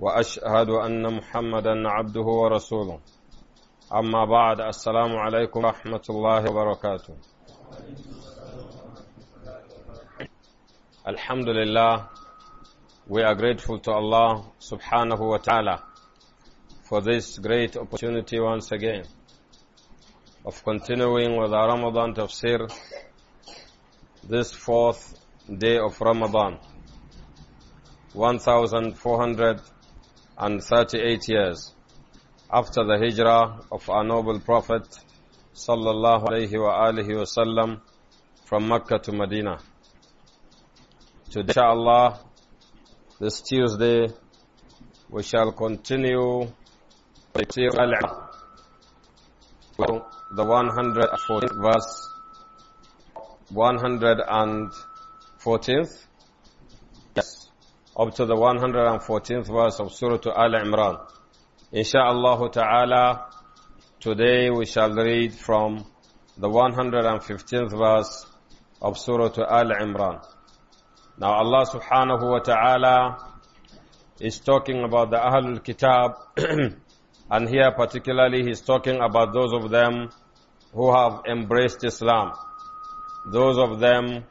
واشهد ان محمدا عبده ورسوله اما بعد السلام عليكم ورحمه الله وبركاته الحمد لله we are grateful to allah subhanahu wa ta'ala for this great opportunity once again of continuing with our ramadan tafsir this fourth day of ramadan 1400 and 38 years after the hijrah of our noble prophet sallallahu alaihi wa alihi wasallam from Mecca to Medina. Today, inshallah, this Tuesday, we shall continue the 114th verse, 114th up to the 114th verse of Surah Al-Imran. Insha'Allah ta'ala, today we shall read from the 115th verse of Surah Al-Imran. Now Allah subhanahu wa ta'ala is talking about the Ahlul Kitab and here particularly he's talking about those of them who have embraced Islam. Those of them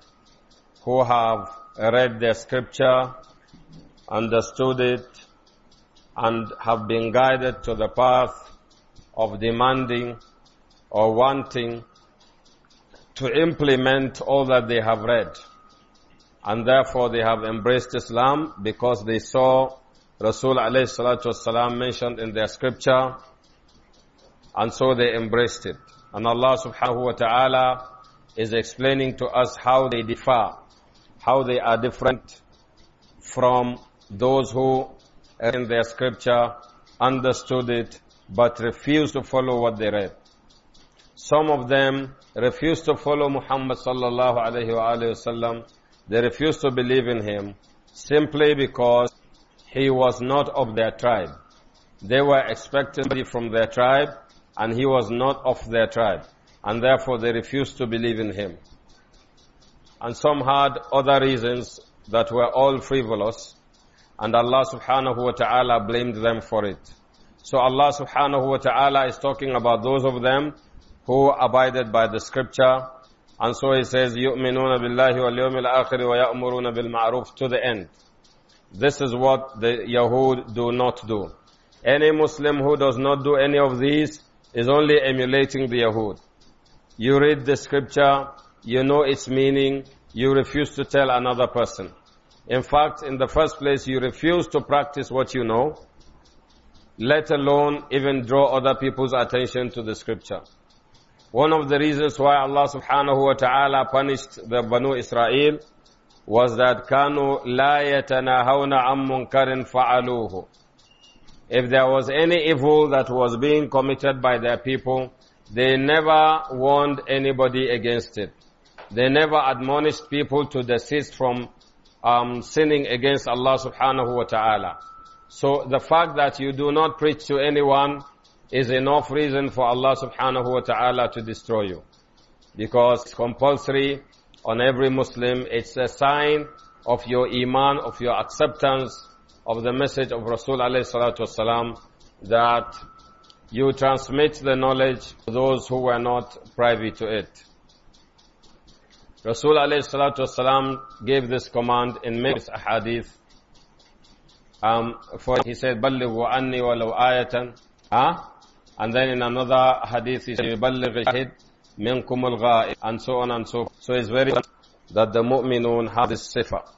who have read their scripture understood it, and have been guided to the path of demanding or wanting to implement all that they have read. And therefore they have embraced Islam because they saw Rasul alayhi salatu wasalam mentioned in their scripture and so they embraced it. And Allah subhanahu wa ta'ala is explaining to us how they differ, how they are different from those who in their scripture understood it but refused to follow what they read. Some of them refused to follow Muhammad sallallahu alayhi sallam. They refused to believe in him simply because he was not of their tribe. They were expecting somebody from their tribe and he was not of their tribe. And therefore they refused to believe in him. And some had other reasons that were all frivolous and Allah subhanahu wa ta'ala blamed them for it. So Allah subhanahu wa ta'ala is talking about those of them who abided by the scripture. And so he says, يُؤْمِنُونَ بِاللَّهِ وَالْيَوْمِ الْآخِرِ وَيَأْمُرُونَ بِالْمَعْرُوفِ To the end. This is what the Yahud do not do. Any Muslim who does not do any of these is only emulating the Yahud. You read the scripture, you know its meaning, you refuse to tell another person. In fact, in the first place, you refuse to practice what you know, let alone even draw other people's attention to the scripture. One of the reasons why Allah subhanahu wa ta'ala punished the Banu Israel was that كانوا لا يتناهون عن منكر فعلوه. If there was any evil that was being committed by their people, they never warned anybody against it. They never admonished people to desist from um, sinning against Allah subhanahu wa ta'ala. So the fact that you do not preach to anyone is enough reason for Allah subhanahu wa ta'ala to destroy you. Because it's compulsory on every Muslim. It's a sign of your iman, of your acceptance of the message of Rasul alayhi salatu wasalam that you transmit the knowledge to those who were not privy to it. Rasul alayhi salatu wasalam gave this command in many ahadith. Um, for he said, بَلِّغُوا عَنِّي وَلَوْ آيَةً huh? And then in another hadith, he said, يُبَلِّغِ الشَّهِدْ مِنْكُمُ الْغَائِبِ And so on and so forth. So it's very that the mu'minun have this sifa.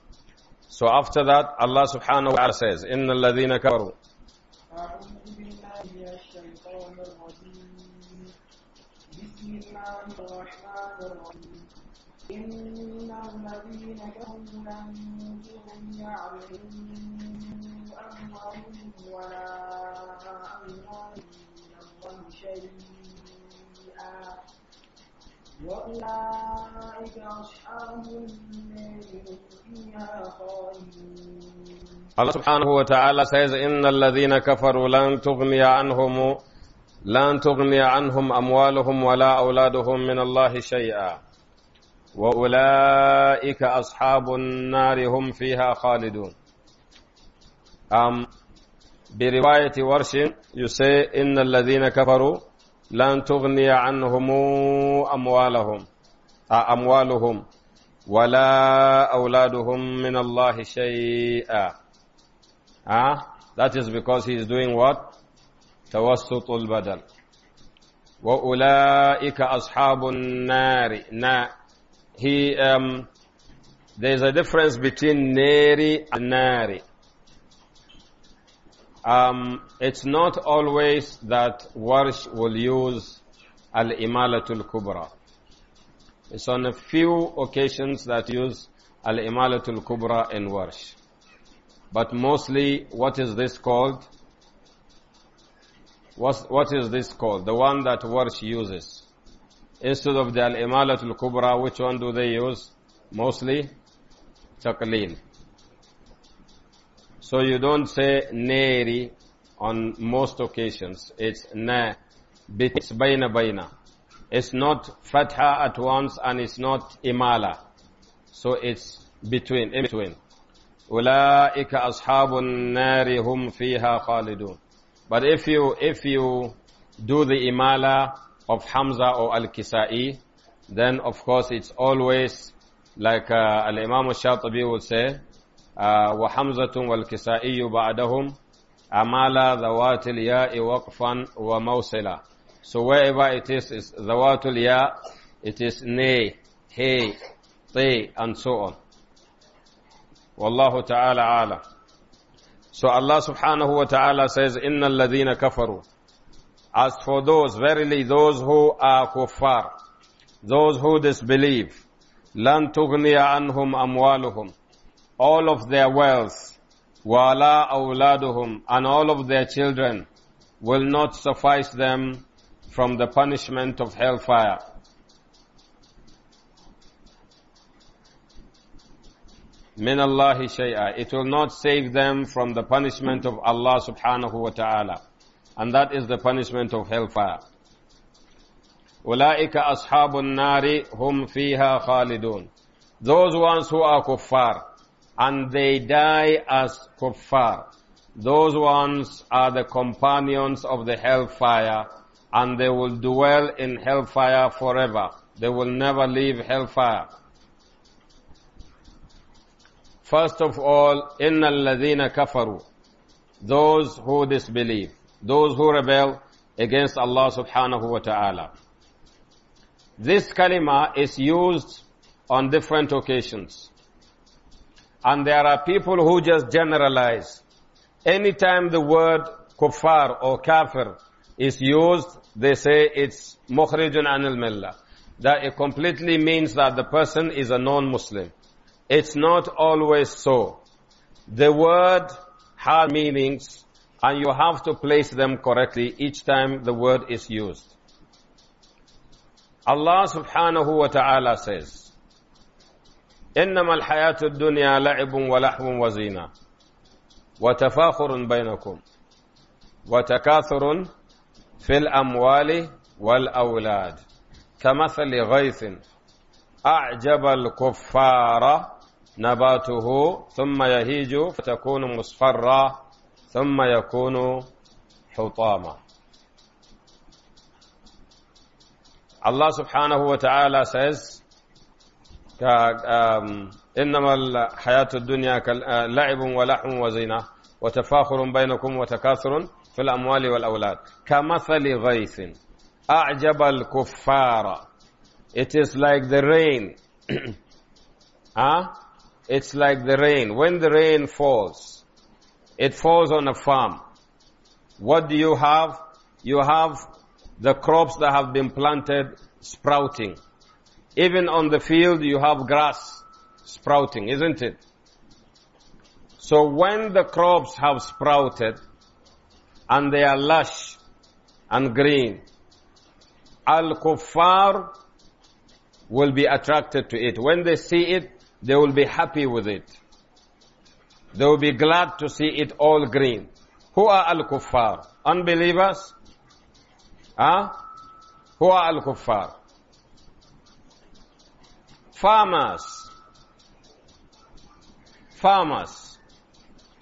So after that, Allah subhanahu wa ta'ala says, إِنَّ الَّذِينَ كَفَرُوا بسم الله الرحمن الرحيم إن الذين كفروا لن أموالهم ولا من الله شيئا وأولئك أصحاب النار الله سبحانه وتعالى says إن الذين كفروا لن تغني عنهم لن تغني عنهم أموالهم ولا أولادهم من الله شيئا وأولئك أصحاب النار هم فيها خالدون ام برواية ورش يسي إن الذين كفروا لن تغني عنهم أموالهم آه، أموالهم ولا أولادهم من الله شيئا uh, That is because he is doing what? توسط البدل وأولئك أصحاب النار نا he, um, there is a difference between neri and nari. Um, it's not always that Warsh will use al-imalatul kubra. It's on a few occasions that use al-imalatul kubra in Warsh. But mostly, what is this called? What's, what is this called? The one that Warsh uses. Instead of the Al-Imalatul Kubra, which one do they use? Mostly taqleel. So you don't say neri on most occasions. It's na. It's baina baina. It's not fatha at once and it's not imala. So it's between, in between. Ulaika ashabun النار هم فيها خالدون. But if you, if you do the imala of Hamza or Al-Kisa'i, then of course it's always like uh, Al-Imam al-Shatibi would say, وَحَمْزَةٌ وَالْكِسَائِيُّ بَعْدَهُمْ أَمَالَ ذَوَاتِ الْيَاءِ وَقْفًا وَمَوْصِلًا So wherever it is, it's ذَوَاتُ الْيَاء, it is nay, hey, they, and so on. Wallahu ta'ala ala. So Allah subhanahu wa ta'ala says, إِنَّ الَّذِينَ كَفَرُوا as for those, verily those who are kuffar, those who disbelieve, لن تغني عنهم أموالهم all of their wealth ولا أولادهم and all of their children will not suffice them from the punishment of hellfire. Min Allahi شَيْئًا, It will not save them from the punishment of Allah subhanahu wa ta'ala. And that is the punishment of hellfire. أولئك أصحاب النار هم فيها خالدون Those ones who are kuffar and they die as kuffar. Those ones are the companions of the hellfire and they will dwell in hellfire forever. They will never leave hellfire. First of all, إِنَّ kafaru. Those who disbelieve those who rebel against Allah subhanahu wa ta'ala. This kalima is used on different occasions. And there are people who just generalize. Anytime the word kuffar or kafir is used, they say it's mukhrijun anil millah. That it completely means that the person is a non-Muslim. It's not always so. The word has meanings and you have to place them correctly each time the word is used. Allah subhanahu wa ta'ala says, إنما الحياة الدنيا لعب ولحو وزينة وتفاخر بينكم وتكاثر في الأموال والأولاد كمثل غيث أعجب الكفار نباته ثم يهيج فتكون مصفرًا ثم يكون حطاما Allah subhanahu wa ta'ala says, إنما الحياة الدنيا لعب ولحم وزينة وتفاخر بينكم وتكاثر في الأموال والأولاد كمثل غيث أعجب الكفار It is like the rain. huh? It's like the rain. When the rain falls, It falls on a farm. What do you have? You have the crops that have been planted sprouting. Even on the field you have grass sprouting, isn't it? So when the crops have sprouted and they are lush and green, Al-Kuffar will be attracted to it. When they see it, they will be happy with it. They will be glad to see it all green. Who are al-kuffar? Unbelievers? Huh? Who are al-kuffar? Farmers. Farmers.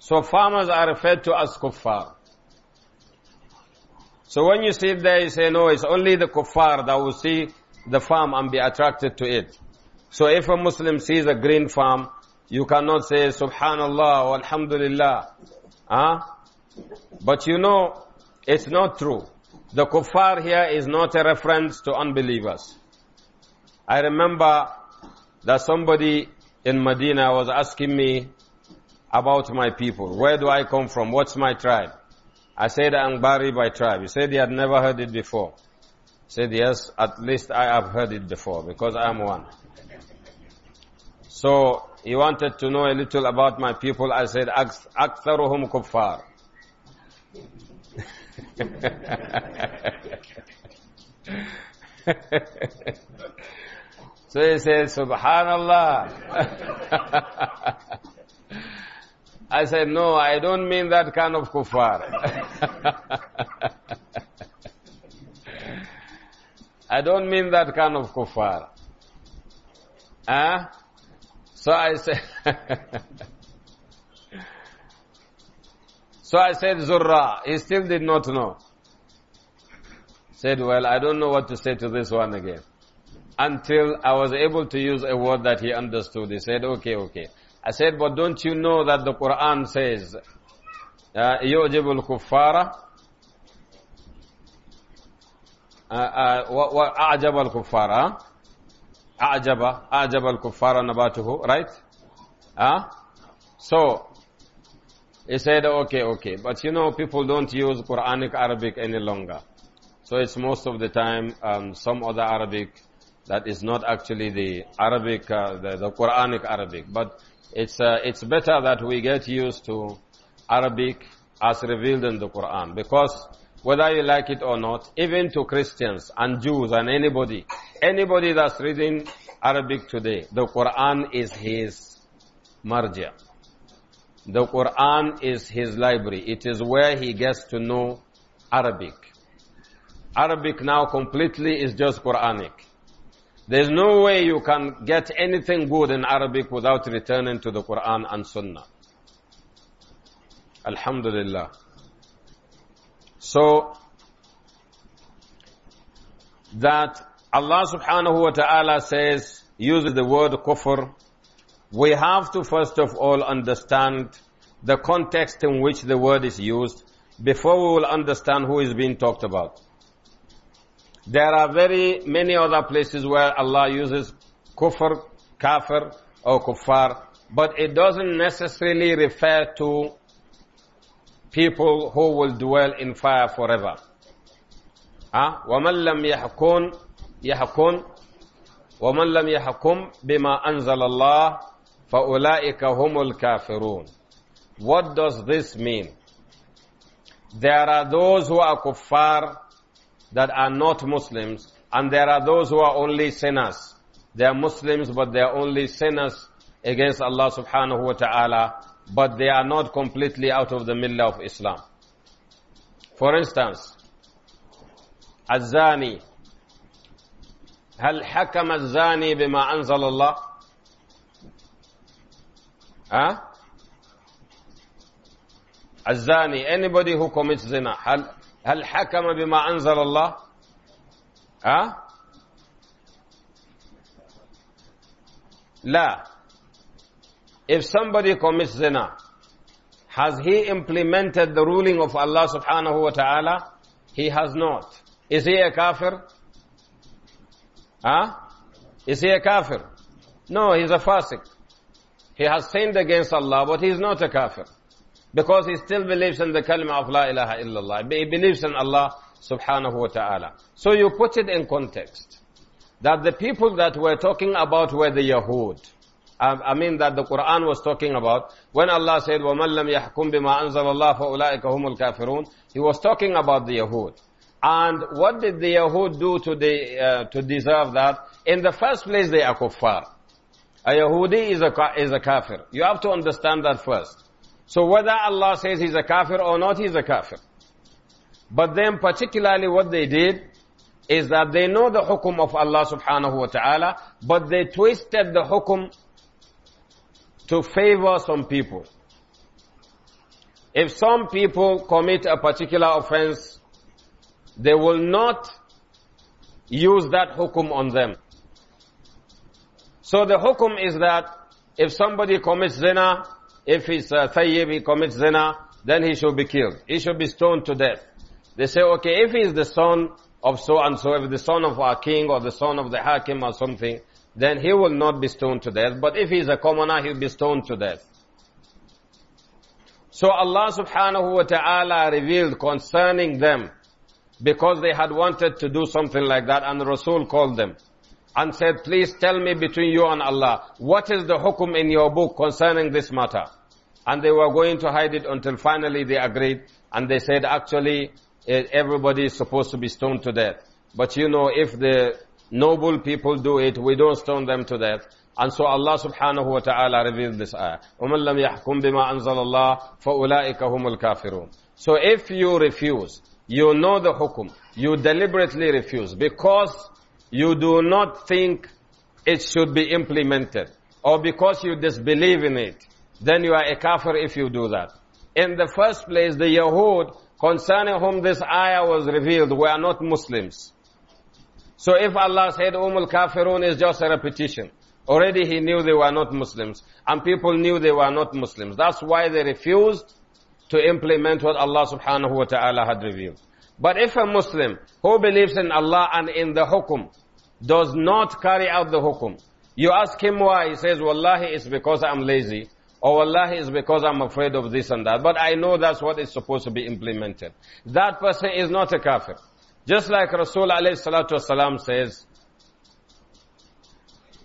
So farmers are referred to as kuffar. So when you sit there, you say, no, it's only the kuffar that will see the farm and be attracted to it. So if a Muslim sees a green farm, you cannot say subhanallah or alhamdulillah. Huh? But you know, it's not true. The kuffar here is not a reference to unbelievers. I remember that somebody in Medina was asking me about my people. Where do I come from? What's my tribe? I said, I'm Bari by tribe. He said he had never heard it before. He said, yes, at least I have heard it before because I'm one. So he wanted to know a little about my people. I said, أَكْثَرُهُمْ kufar." so he said, Subhanallah. I said, no, I don't mean that kind of kuffar. I don't mean that kind of kuffar. Huh? So I said, so I said, Zurra. He still did not know. Said, well, I don't know what to say to this one again. Until I was able to use a word that he understood. He said, okay, okay. I said, but don't you know that the Quran says, uh, يُعْجِبُ الْكُفَّارَ uh, uh, al الْكُفَّارَ Ajaba, Ajaba al-Kuffara nabatuhu, right? Ah, huh? So, he said, okay, okay. But you know, people don't use Quranic Arabic any longer. So it's most of the time um, some other Arabic that is not actually the Arabic, uh, the, the, Quranic Arabic. But it's, uh, it's better that we get used to Arabic as revealed in the Quran. Because whether you like it or not, even to Christians and Jews and anybody. Anybody that's reading Arabic today, the Quran is his marja. The Quran is his library. It is where he gets to know Arabic. Arabic now completely is just Quranic. There's no way you can get anything good in Arabic without returning to the Quran and Sunnah. Alhamdulillah. So, that Allah subhanahu wa ta'ala says, uses the word kufr, we have to first of all understand the context in which the word is used before we will understand who is being talked about. There are very many other places where Allah uses kufr, kafir or kuffar, but it doesn't necessarily refer to people who will dwell in fire forever. Huh? وَمَنْ لَمْ يَحْكُمْ يَحْكُمْ وَمَنْ لَمْ يَحْكُمْ بِمَا أَنزَلَ اللَّهِ فَأُولَٰئِكَ هُمُ الْكَافِرُونَ What does this mean? There are those who are kuffar that are not Muslims and there are those who are only sinners. They are Muslims but they are only sinners against Allah subhanahu wa ta'ala but they are not completely out of the millah of Islam. For instance, الزاني هل حكم الزاني بما أنزل الله؟ ها؟ الزاني anybody who commits zina هل هل حكم بما أنزل الله؟ ها؟ أه؟ لا If somebody commits zina, has he implemented the ruling of Allah subhanahu wa ta'ala? He has not. Is he a kafir? Huh? Is he a kafir? No, he's a fasiq. He has sinned against Allah, but he's not a kafir. Because he still believes in the kalima of la ilaha illallah. He believes in Allah subhanahu wa ta'ala. So you put it in context. That the people that we're talking about were the Yahud. Um, I mean that the Quran was talking about, when Allah said, وَمَنْ لَمْ يَحْكُمْ بِمَا أَنزَلَ اللَّهُ فَأُولَٰئِكَ هُمُ الْكَافِرُونَ He was talking about the Yahud. And what did the Yahud do to, the, uh, to deserve that? In the first place, they are kuffar. A Yahudi is a, is a kafir. You have to understand that first. So whether Allah says he's a kafir or not, he's a kafir. But then particularly what they did is that they know the hukum of Allah subhanahu wa ta'ala, but they twisted the hukum to favor some people. If some people commit a particular offense, they will not use that hukum on them. So the hukum is that if somebody commits zina, if he's a uh, thayyib, he commits zina, then he should be killed. He should be stoned to death. They say, okay, if he is the son of so and so, if the son of our king or the son of the hakim or something, then he will not be stoned to death. But if he is a commoner, he'll be stoned to death. So Allah subhanahu wa ta'ala revealed concerning them because they had wanted to do something like that and Rasul called them and said, please tell me between you and Allah, what is the hukum in your book concerning this matter? And they were going to hide it until finally they agreed and they said, actually, eh, everybody is supposed to be stoned to death. But you know, if the Noble people do it. We don't stone them to death. And so Allah subhanahu wa ta'ala revealed this ayah. وَمَنْ لَمْ يَحْكُمْ بِمَا أَنزَلَ اللَّهِ فَأُولَٰئِكَ هُمُ الْكَافِرُونَ So if you refuse, you know the hukum, you deliberately refuse because you do not think it should be implemented or because you disbelieve in it, then you are a kafir if you do that. In the first place, the Yahud, concerning whom this ayah was revealed, were not Muslims. So if Allah said Umul Kafirun is just a repetition, already He knew they were not Muslims, and people knew they were not Muslims. That's why they refused to implement what Allah subhanahu wa ta'ala had revealed. But if a Muslim who believes in Allah and in the hukum does not carry out the hukum, you ask him why, he says, Wallahi, it's because I'm lazy, or Wallahi, it's because I'm afraid of this and that, but I know that's what is supposed to be implemented. That person is not a kafir. Just like Rasul alayhi salatu wasalam says,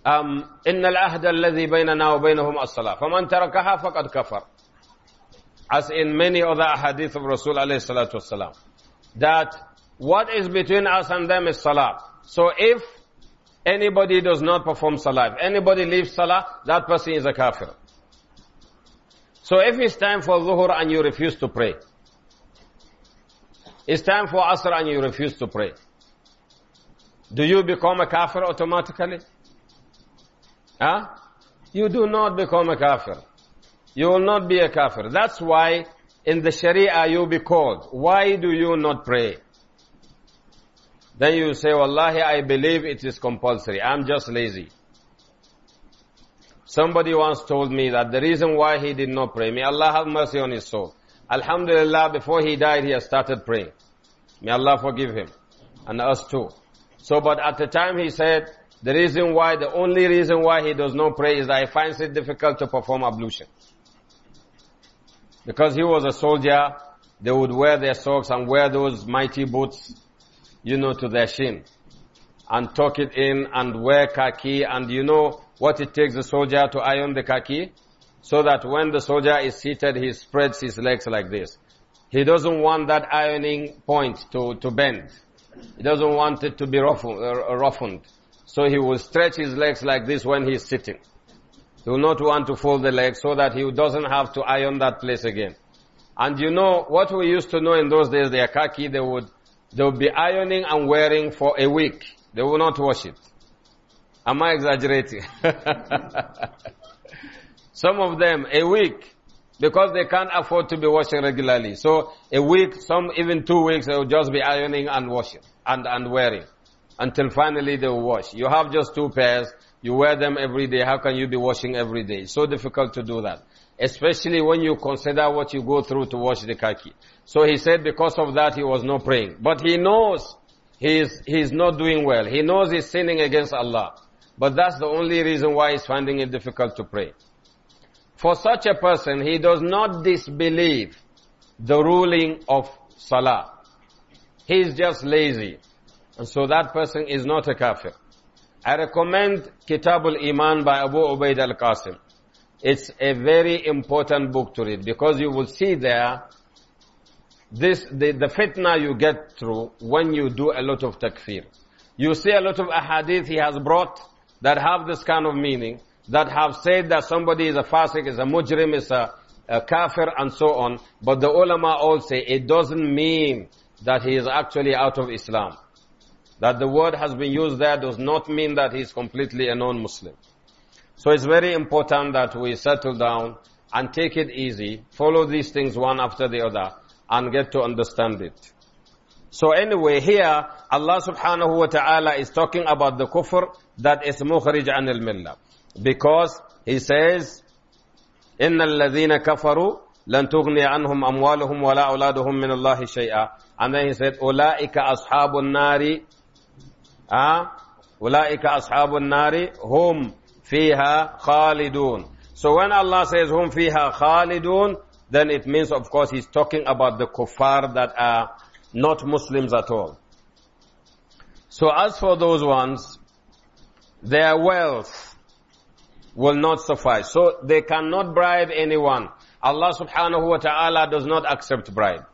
um, إن العهد الذي بيننا وبينهم الصلاة فمن تركها فقد كفر as in many other hadith of Rasul alayhi salatu wasalam that what is between us and them is salah so if anybody does not perform salah if anybody leaves salah that person is a kafir so if it's time for zuhur and you refuse to pray it's time for Asr and you refuse to pray. Do you become a kafir automatically? Huh? You do not become a kafir. You will not be a kafir. That's why in the sharia you'll be called. Why do you not pray? Then you say, Wallahi, I believe it is compulsory. I'm just lazy. Somebody once told me that the reason why he did not pray, may Allah have mercy on his soul. Alhamdulillah, before he died, he has started praying. May Allah forgive him and us too. So, but at the time he said, the reason why, the only reason why he does not pray is that he finds it difficult to perform ablution. Because he was a soldier, they would wear their socks and wear those mighty boots, you know, to their shin. And tuck it in and wear khaki and you know what it takes a soldier to iron the khaki? so that when the soldier is seated, he spreads his legs like this. He doesn't want that ironing point to, to bend. He doesn't want it to be roughened, uh, roughened. So he will stretch his legs like this when he's sitting. He will not want to fold the legs so that he doesn't have to iron that place again. And you know, what we used to know in those days, the akaki, they would, they would be ironing and wearing for a week. They will not wash it. Am I exaggerating? Some of them a week because they can't afford to be washing regularly. So a week, some even two weeks, they will just be ironing and washing and, and wearing until finally they will wash. You have just two pairs. You wear them every day. How can you be washing every day? It's so difficult to do that. Especially when you consider what you go through to wash the khaki. So he said because of that he was not praying. But he knows he is, he is not doing well. He knows he's sinning against Allah. But that's the only reason why he's finding it difficult to pray. For such a person, he does not disbelieve the ruling of salah. He is just lazy. And so that person is not a kafir. I recommend Kitabul iman by Abu Ubaid al-Qasim. It's a very important book to read because you will see there this, the, the fitna you get through when you do a lot of takfir. You see a lot of ahadith he has brought that have this kind of meaning that have said that somebody is a fasik, is a mujrim, is a, a kafir, and so on. But the ulama all say it doesn't mean that he is actually out of Islam. That the word has been used there does not mean that he is completely a non-Muslim. So it's very important that we settle down and take it easy, follow these things one after the other, and get to understand it. So anyway, here Allah subhanahu wa ta'ala is talking about the kufr that is mukhrij anil millah. Because he says, إِنَّ الَّذِينَ كَفَرُوا لَن تُغْنِيَ عَنْهُمْ أَمْوَالُهُمْ وَلَا أَوْلَادُهُمْ مِنَ اللَّهِ شَيْئًا And then he said, أُولَٰئِكَ أَصْحَابُ النَّارِ uh, أُولَٰئِكَ أَصْحَابُ النَّارِ هُمْ فِيهَا خَالِدُونَ So when Allah says, هُمْ فِيهَا خَالِدُونَ then it means, of course, he's talking about the kuffar that are not Muslims at all. So as for those ones, their wealth will not suffice. So they cannot bribe anyone. Allah subhanahu wa ta'ala does not accept bribe.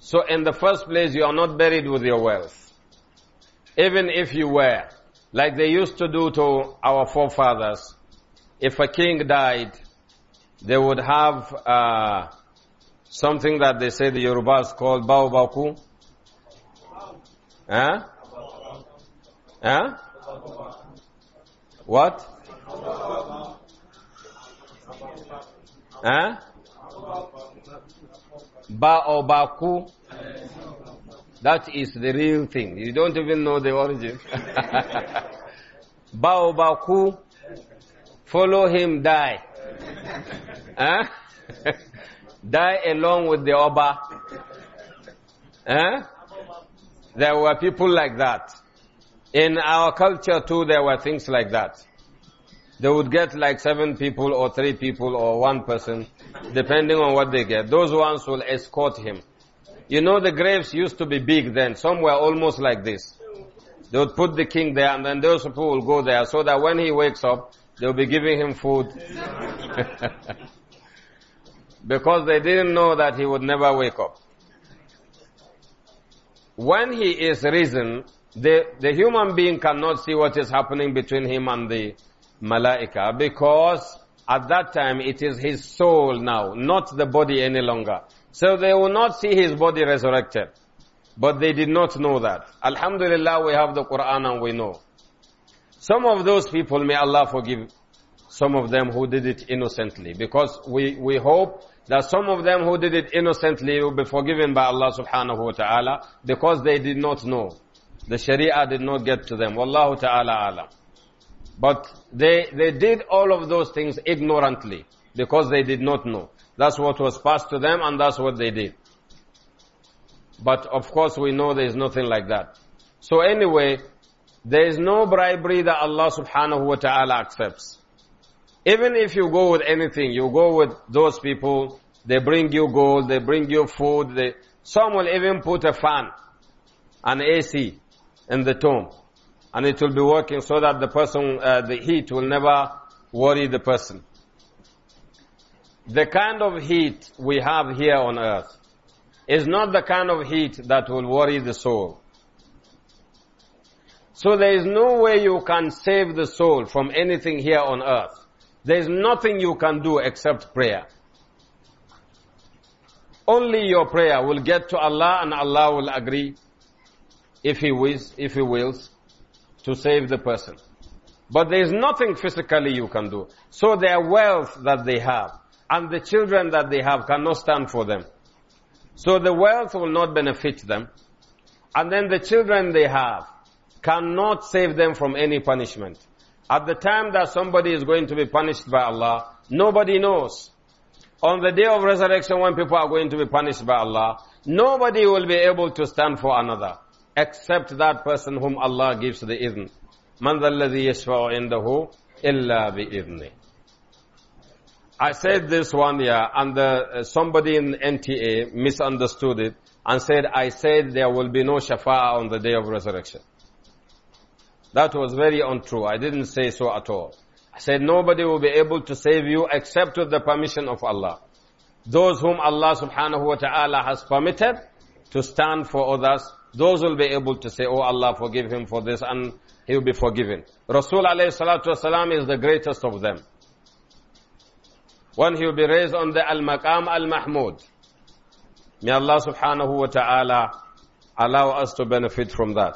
So in the first place, you are not buried with your wealth. Even if you were, like they used to do to our forefathers, if a king died, they would have uh, something that they say the Yorubas called baobaku. Huh? Huh? What? eh? ba that is the real thing you don't even know the origin ba follow him die eh? die along with the oba eh? there were people like that in our culture too there were things like that they would get like seven people or three people or one person, depending on what they get. Those ones will escort him. You know the graves used to be big then. Somewhere, almost like this. They would put the king there and then those people will go there so that when he wakes up, they'll be giving him food. because they didn't know that he would never wake up. When he is risen, the, the human being cannot see what is happening between him and the malaika because at that time it is his soul now, not the body any longer. So they will not see his body resurrected. But they did not know that. Alhamdulillah, we have the Quran and we know. Some of those people, may Allah forgive some of them who did it innocently. Because we, we hope that some of them who did it innocently will be forgiven by Allah subhanahu wa ta'ala because they did not know. The Sharia did not get to them. Wallahu ta'ala alam. But they, they did all of those things ignorantly because they did not know. That's what was passed to them and that's what they did. But of course we know there is nothing like that. So anyway, there is no bribery that Allah subhanahu wa ta'ala accepts. Even if you go with anything, you go with those people, they bring you gold, they bring you food, they, some will even put a fan, an AC in the tomb and it will be working so that the person, uh, the heat will never worry the person. The kind of heat we have here on earth is not the kind of heat that will worry the soul. So there is no way you can save the soul from anything here on earth. There is nothing you can do except prayer. Only your prayer will get to Allah and Allah will agree if He wills, if He wills to save the person. But there is nothing physically you can do. So their wealth that they have and the children that they have cannot stand for them. So the wealth will not benefit them. And then the children they have cannot save them from any punishment. At the time that somebody is going to be punished by Allah, nobody knows. On the day of resurrection when people are going to be punished by Allah, nobody will be able to stand for another except that person whom Allah gives the izn. مَنْ ذَا الَّذِي يَشْفَعُ illa bi izni. I said this one year and the, uh, somebody in NTA misunderstood it and said, I said there will be no shafa'a on the day of resurrection. That was very untrue. I didn't say so at all. I said nobody will be able to save you except with the permission of Allah. Those whom Allah subhanahu wa ta'ala has permitted to stand for others, those will be able to say, Oh Allah, forgive him for this, and he will be forgiven. Rasul alayhi salatu wasalam is the greatest of them. When he will be raised on the Al-Maqam Al-Mahmud. May Allah subhanahu wa ta'ala allow us to benefit from that.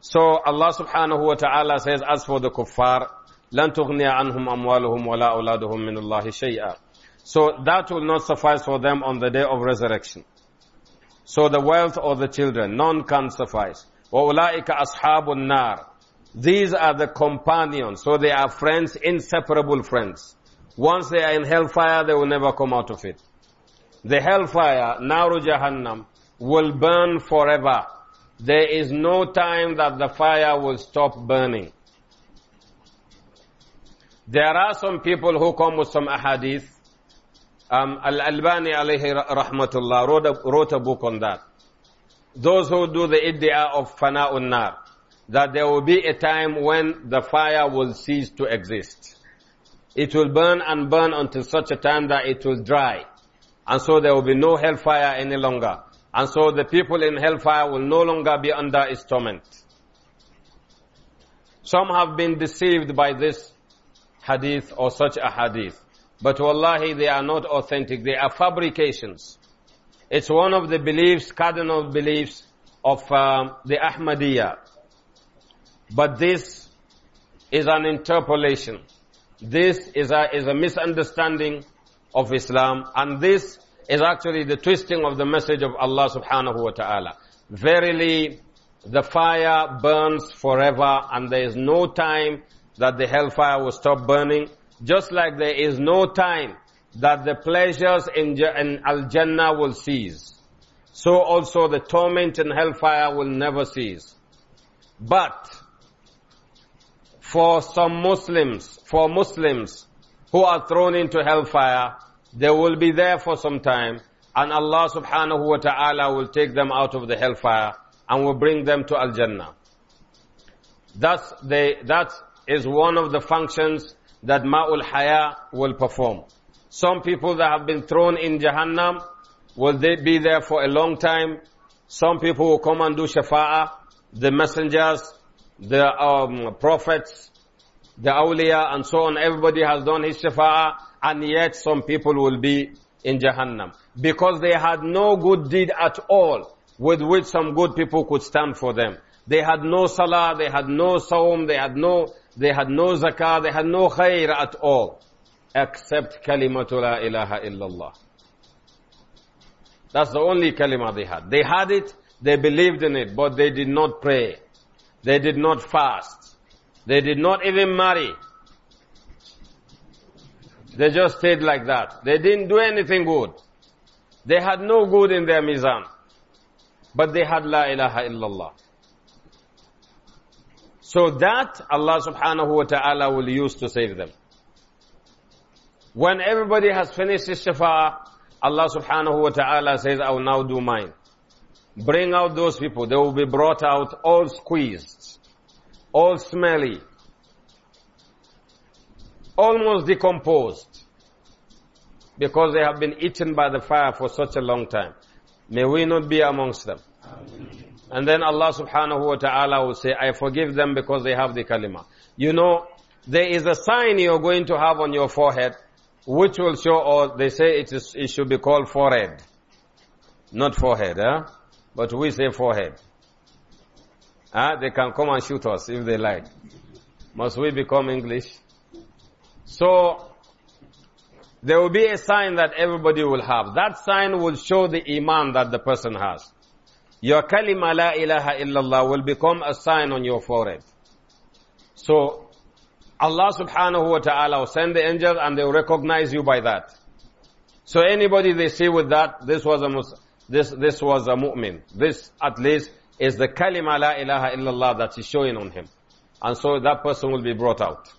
So Allah subhanahu wa ta'ala says, as for the kuffar, لن تغني عنهم أموالهم ولا أولادهم من الله شيئا. So that will not suffice for them on the day of resurrection. So the wealth or the children, none can suffice. وَأُولَٰئِكَ أَصْحَابُ النَّارِ These are the companions, so they are friends, inseparable friends. Once they are in hellfire, they will never come out of it. The hellfire, Naru Jahannam, will burn forever. There is no time that the fire will stop burning. There are some people who come with some ahadith um, Al-Albani alayhi rahmatullah wrote a, wrote a book on that. Those who do the idea of fana'un nar, that there will be a time when the fire will cease to exist. It will burn and burn until such a time that it will dry. And so there will be no hellfire any longer. And so the people in hellfire will no longer be under its torment. Some have been deceived by this hadith or such a hadith. But wallahi, they are not authentic. They are fabrications. It's one of the beliefs, cardinal beliefs of uh, the Ahmadiyya. But this is an interpolation. This is a, is a misunderstanding of Islam. And this is actually the twisting of the message of Allah subhanahu wa ta'ala. Verily, the fire burns forever and there is no time that the hellfire will stop burning just like there is no time that the pleasures in, in Al-Jannah will cease. So also the torment in hellfire will never cease. But for some Muslims, for Muslims who are thrown into hellfire, they will be there for some time and Allah subhanahu wa ta'ala will take them out of the hellfire and will bring them to Al-Jannah. That's the, that is one of the functions that Ma'ul Haya will perform. Some people that have been thrown in Jahannam, will they be there for a long time? Some people will come and do Shafa'ah, the messengers, the um, prophets, the awliya and so on. Everybody has done his Shafa'ah and yet some people will be in Jahannam because they had no good deed at all with which some good people could stand for them. They had no salah, they had no saum, they had no they had no zakah, they had no khair at all, except kalimatu la ilaha illallah. That's the only kalima they had. They had it, they believed in it, but they did not pray. They did not fast. They did not even marry. They just stayed like that. They didn't do anything good. They had no good in their mizan. But they had La ilaha illallah. So that Allah subhanahu wa ta'ala will use to save them. When everybody has finished his shafa, Allah subhanahu wa ta'ala says, I will now do mine. Bring out those people. They will be brought out all squeezed, all smelly, almost decomposed because they have been eaten by the fire for such a long time. May we not be amongst them. Amen. And then Allah subhanahu wa ta'ala will say, I forgive them because they have the kalima. You know, there is a sign you're going to have on your forehead, which will show, or they say it, is, it should be called forehead. Not forehead, eh? But we say forehead. Eh? They can come and shoot us if they like. Must we become English? So, there will be a sign that everybody will have. That sign will show the iman that the person has. Your kalima la ilaha illallah will become a sign on your forehead. So, Allah subhanahu wa ta'ala will send the angels and they will recognize you by that. So anybody they see with that, this was a Muslim, this, this was a mu'min. This at least is the kalima la ilaha illallah that is showing on him. And so that person will be brought out.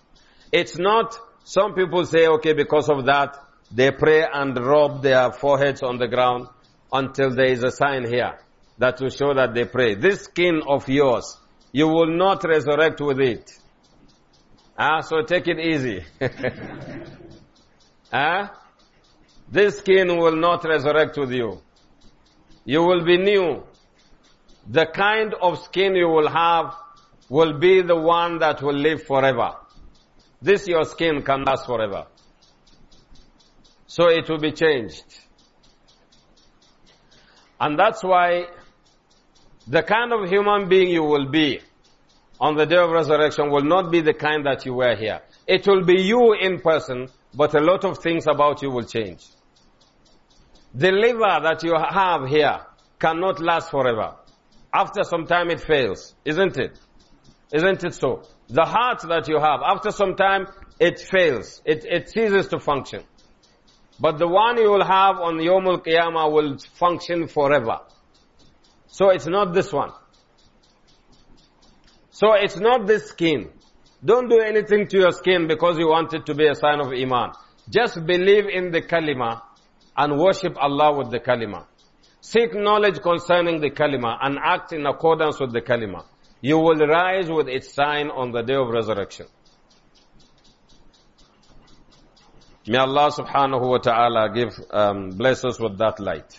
It's not, some people say, okay, because of that, they pray and rub their foreheads on the ground until there is a sign here that will show that they pray. This skin of yours, you will not resurrect with it. Ah, so take it easy. ah? This skin will not resurrect with you. You will be new. The kind of skin you will have will be the one that will live forever. This your skin can last forever. So it will be changed. And that's why the kind of human being you will be on the day of resurrection will not be the kind that you were here. It will be you in person, but a lot of things about you will change. The liver that you have here cannot last forever. After some time it fails, isn't it? Isn't it so? The heart that you have, after some time it fails. It, it ceases to function. But the one you will have on Yom Al-Qiyamah will function forever. So it's not this one. So it's not this skin. Don't do anything to your skin because you want it to be a sign of Iman. Just believe in the kalima and worship Allah with the kalima. Seek knowledge concerning the kalima and act in accordance with the kalima. You will rise with its sign on the day of resurrection. May Allah subhanahu wa ta'ala give, um, bless us with that light.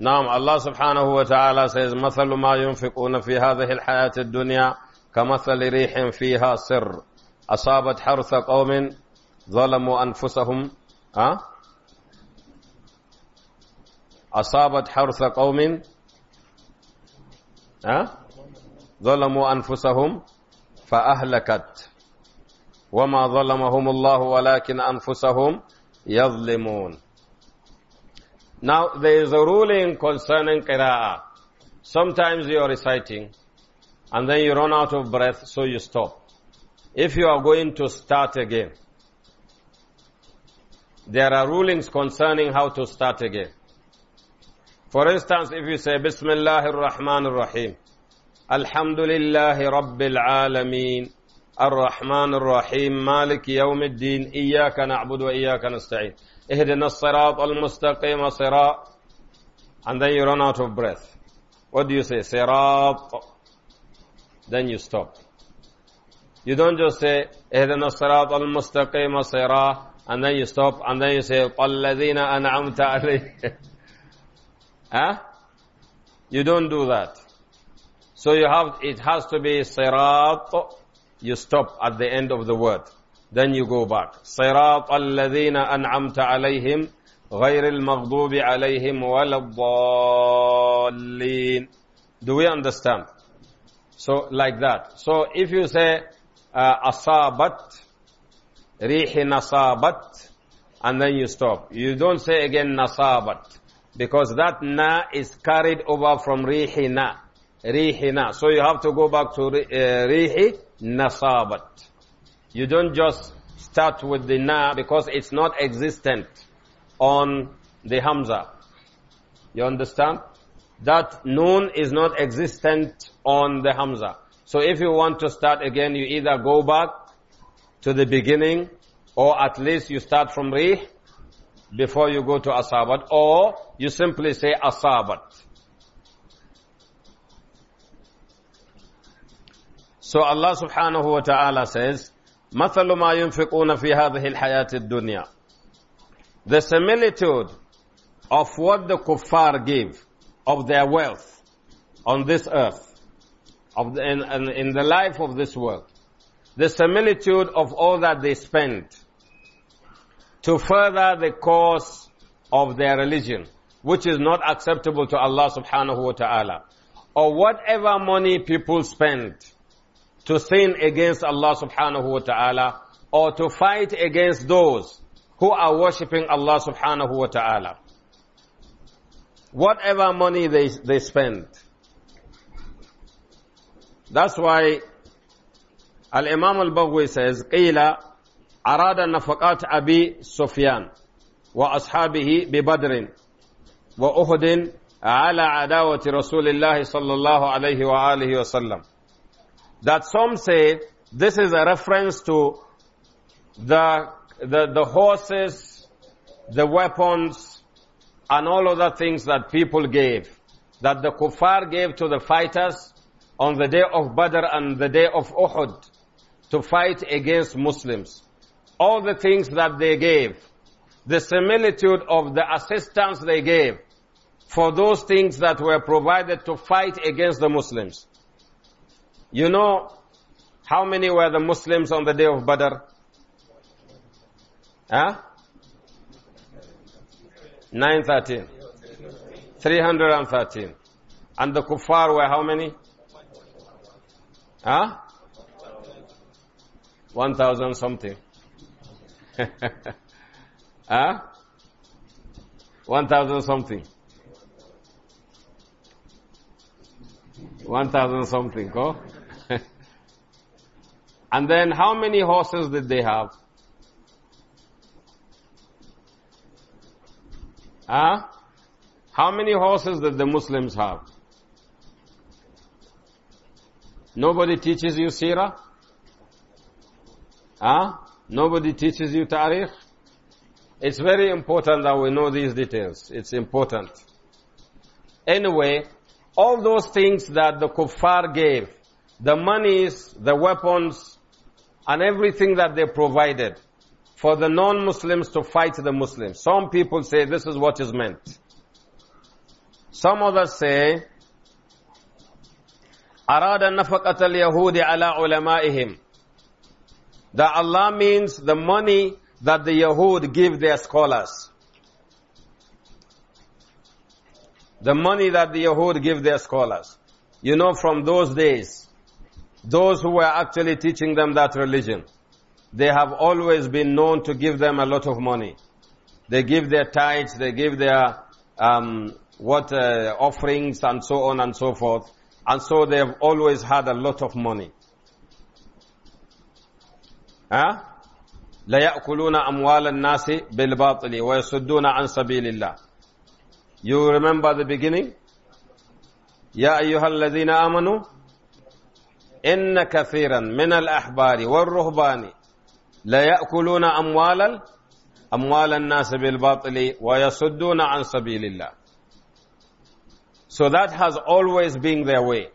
نعم الله سبحانه وتعالى says مثل ما ينفقون في هذه الحياة الدنيا كمثل ريح فيها سر أصابت حرث قوم ظلموا أنفسهم أه؟ أصابت حرث قوم أه؟ ظلموا أنفسهم فأهلكت وما ظلمهم الله ولكن أنفسهم يظلمون Now, there is a ruling concerning qira'ah. Sometimes you are reciting, and then you run out of breath, so you stop. If you are going to start again, there are rulings concerning how to start again. For instance, if you say, Bismillah ar-Rahman ar-Rahim, Alhamdulillahi Rabbil Alameen, Ar-Rahman ar-Rahim, Malik Yawm al-Din, Iyaka na'budu wa Iyaka nasta'in. Ihdina sirat al-mustaqim And then you run out of breath. What do you say? Sirat. Then you stop. You don't just say, Ihdina sirat al-mustaqim sirat. And then you stop. And then you say, قَالَّذِينَ أَنْعَمْتَ عَلَيْهِ Huh? You don't do that. So you have, it has to be sirat. You stop at the end of the word. Then you go back. صراط الذين أنعمت عليهم غير المغضوب عليهم ولا الضالين. Do we understand? So like that. So if you say uh, asabat, أصابت ريح نصابت and then you stop. You don't say again nasabat because that na is carried over from rihina. Rihina. So you have to go back to uh, rihi nasabat. You don't just start with the na because it's not existent on the hamza. You understand? That noon is not existent on the hamza. So if you want to start again, you either go back to the beginning or at least you start from rih before you go to asabat or you simply say asabat. So Allah subhanahu wa ta'ala says, مثل ما ينفقون في هذه الحياة الدنيا the similitude of what the kuffar give of their wealth on this earth, of the, in, in, in the life of this world, the similitude of all that they spend to further the cause of their religion, which is not acceptable to Allah subhanahu wa ta'ala, or whatever money people spend to sin against Allah subhanahu wa ta'ala or to fight against those who are worshipping Allah subhanahu wa ta'ala. Whatever money they, they spend. That's why Al-Imam al-Baghawi says, قِيلَ أراد نفقات أبي سفيان وأصحابه ببدر وأهد على عداوة رسول الله صلى الله عليه وآله وسلم that some say this is a reference to the, the, the horses, the weapons, and all other things that people gave, that the kuffar gave to the fighters on the day of Badr and the day of Uhud to fight against Muslims. All the things that they gave, the similitude of the assistance they gave for those things that were provided to fight against the Muslims. You know how many were the Muslims on the day of Badr? Huh? 913. 313. And the kuffar were how many? Huh? 1000 something. huh? 1000 something. 1000 something, ko? And then how many horses did they have? Huh? How many horses did the Muslims have? Nobody teaches you seerah? Huh? Nobody teaches you tariq? It's very important that we know these details. It's important. Anyway, all those things that the kuffar gave, the monies, the weapons, and everything that they provided for the non-Muslims to fight the Muslims. Some people say this is what is meant. Some others say, أراد نفقة اليهود على علمائهم that Allah means the money that the Yahud give their scholars. The money that the Yahud give their scholars. You know, from those days, those who were actually teaching them that religion, they have always been known to give them a lot of money. They give their tithes, they give their um, what uh, offerings and so on and so forth. And so they have always had a lot of money. Huh? يأكلون أموال الناس بالباطل ويصدون عن سبيل الله. You remember the beginning? يا أيها الذين آمنوا إن كثيرا من الأحبار والرهبان لا يأكلون أموال أموال الناس بالباطل ويصدون عن سبيل الله So that has always been their way.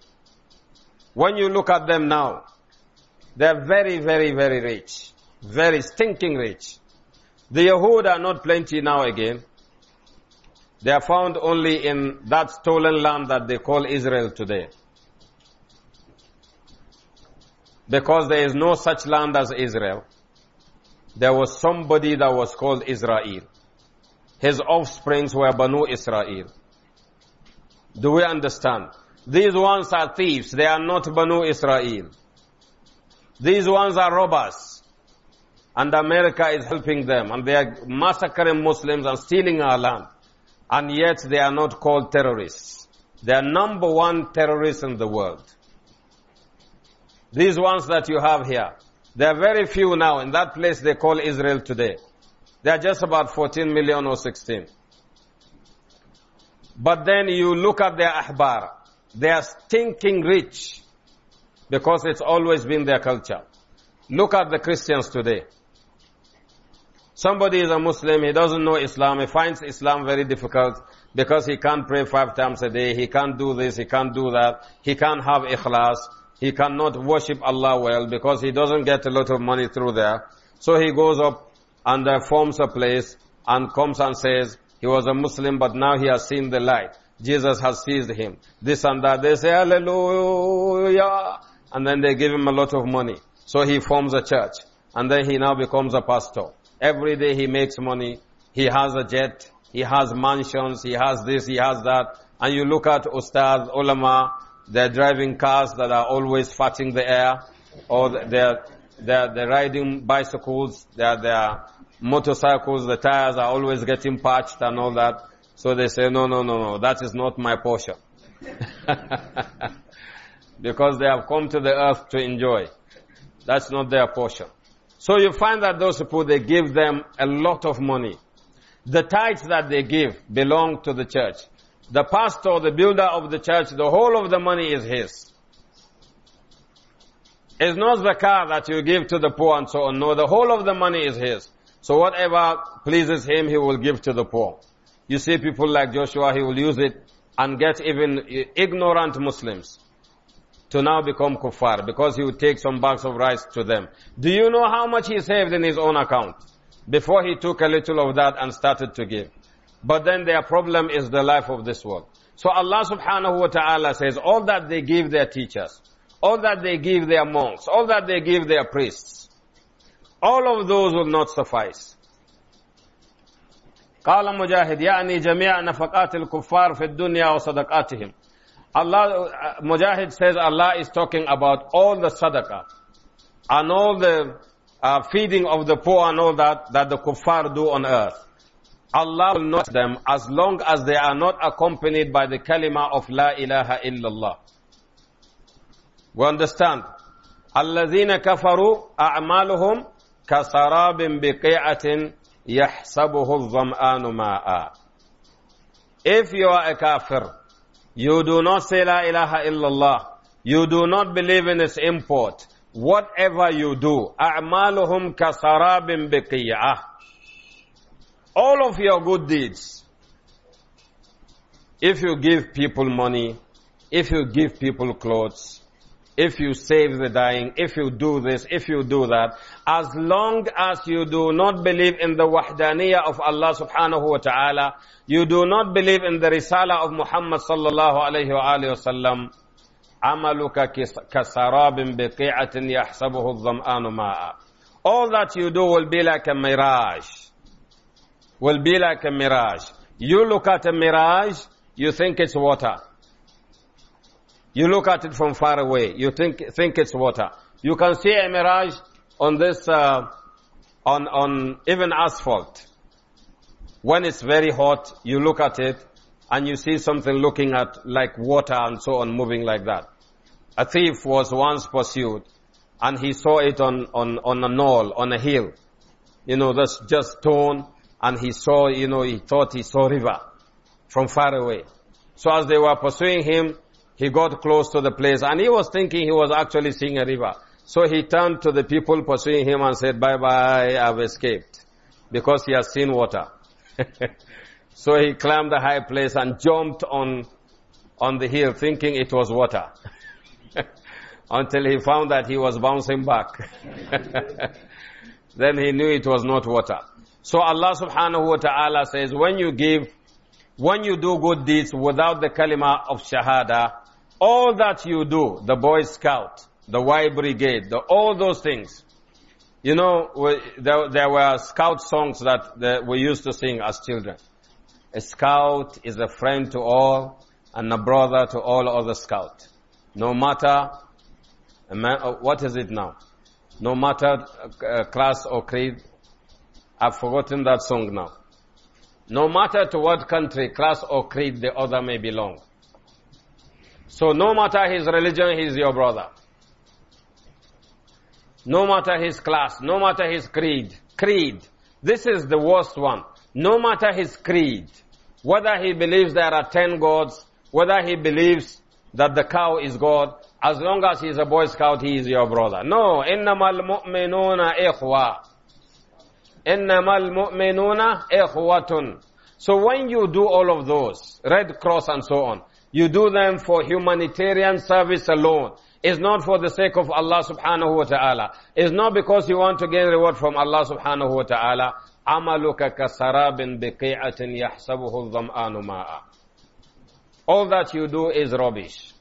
When you look at them now, they're very, very, very rich. Very stinking rich. The Yahud are not plenty now again. They are found only in that stolen land that they call Israel today because there is no such land as Israel, there was somebody that was called Israel. His offsprings were Banu Israel. Do we understand? These ones are thieves. They are not Banu Israel. These ones are robbers. And America is helping them. And they are massacring Muslims and stealing our land. And yet they are not called terrorists. They are number one terrorists in the world. These ones that you have here, there are very few now in that place they call Israel today. they are just about 14 million or 16. But then you look at their ahbar. They are stinking rich because it's always been their culture. Look at the Christians today. Somebody is a Muslim, he doesn't know Islam, he finds Islam very difficult because he can't pray five times a day, he can't do this, he can't do that, he can't have ikhlas, he cannot worship Allah well because he doesn't get a lot of money through there. So he goes up and uh, forms a place and comes and says, he was a Muslim but now he has seen the light. Jesus has seized him. This and that. They say, Hallelujah. And then they give him a lot of money. So he forms a church. And then he now becomes a pastor. Every day he makes money. He has a jet. He has mansions. He has this. He has that. And you look at Ustad, ulama, they're driving cars that are always farting the air, or they're, they're, they're riding bicycles, they're, they're motorcycles, the tires are always getting patched and all that. So they say, no, no, no, no, that is not my portion. because they have come to the earth to enjoy. That's not their portion. So you find that those people, they give them a lot of money. The tithes that they give belong to the church. The pastor, the builder of the church, the whole of the money is his. It's not car that you give to the poor and so on. No, the whole of the money is his. So whatever pleases him, he will give to the poor. You see people like Joshua, he will use it and get even ignorant Muslims to now become kuffar because he would take some bags of rice to them. Do you know how much he saved in his own account before he took a little of that and started to give? But then their problem is the life of this world. So Allah subhanahu wa ta'ala says, all that they give their teachers, all that they give their monks, all that they give their priests, all of those will not suffice. قال مجاهد يعني جميع نفقات الكفار في الدنيا وصدقاتهم Allah, uh, مُجاهد says Allah is talking about all the sadaqah and all the uh, feeding of the poor and all that that the kuffar do on earth. Allah will not them as long as they are not accompanied by the kalima of La ilaha illallah. We understand? الذين كفروا أعمالهم كسراب بقيعة يحسبه الظمآن ماء. If you are a kafir, you do not say La ilaha illallah, you do not believe in its import, whatever you do, أعمالهم كسراب بقيعة all of your good deeds. If you give people money, if you give people clothes, if you save the dying, if you do this, if you do that, as long as you do not believe in the wahdaniyah of Allah subhanahu wa ta'ala, you do not believe in the risala of Muhammad sallallahu alayhi wa alayhi wa sallam, عملك كسراب بقيعة يحسبه الظمآن ماء. All that you do will be like a mirage will be like a mirage. You look at a mirage, you think it's water. You look at it from far away, you think, think it's water. You can see a mirage on this, uh, on, on even asphalt. When it's very hot, you look at it and you see something looking at like water and so on moving like that. A thief was once pursued and he saw it on, on, on a knoll, on a hill. You know, that's just stone and he saw, you know, he thought he saw river from far away. So as they were pursuing him, he got close to the place and he was thinking he was actually seeing a river. So he turned to the people pursuing him and said, bye bye, I've escaped because he has seen water. so he climbed the high place and jumped on, on the hill thinking it was water until he found that he was bouncing back. then he knew it was not water. So Allah subhanahu wa ta'ala says, when you give, when you do good deeds without the kalima of shahada, all that you do, the Boy Scout, the Y Brigade, the, all those things, you know, we, there, there, were scout songs that we used to sing as children. A scout is a friend to all and a brother to all other scouts. No matter, what is it now? No matter uh, class or creed I've forgotten that song now. No matter to what country, class or creed the other may belong. So no matter his religion, he's your brother. No matter his class, no matter his creed, creed. This is the worst one. No matter his creed, whether he believes there are ten gods, whether he believes that the cow is God, as long as he's a boy scout, he is your brother. No, إِنَّمَا الْمُؤْمِنُونَ إِخْوَةً إِنَّمَا الْمُؤْمِنُونَ إِخْوَةٌ So when you do all of those, Red Cross and so on, you do them for humanitarian service alone. It's not for the sake of Allah subhanahu wa ta'ala. It's not because you want to gain reward from Allah subhanahu wa ta'ala. عَمَلُكَ كَسَرَابٍ بِقِيعَةٍ يَحْسَبُهُ الظَّمْآنُ مَاءً All that you do is rubbish.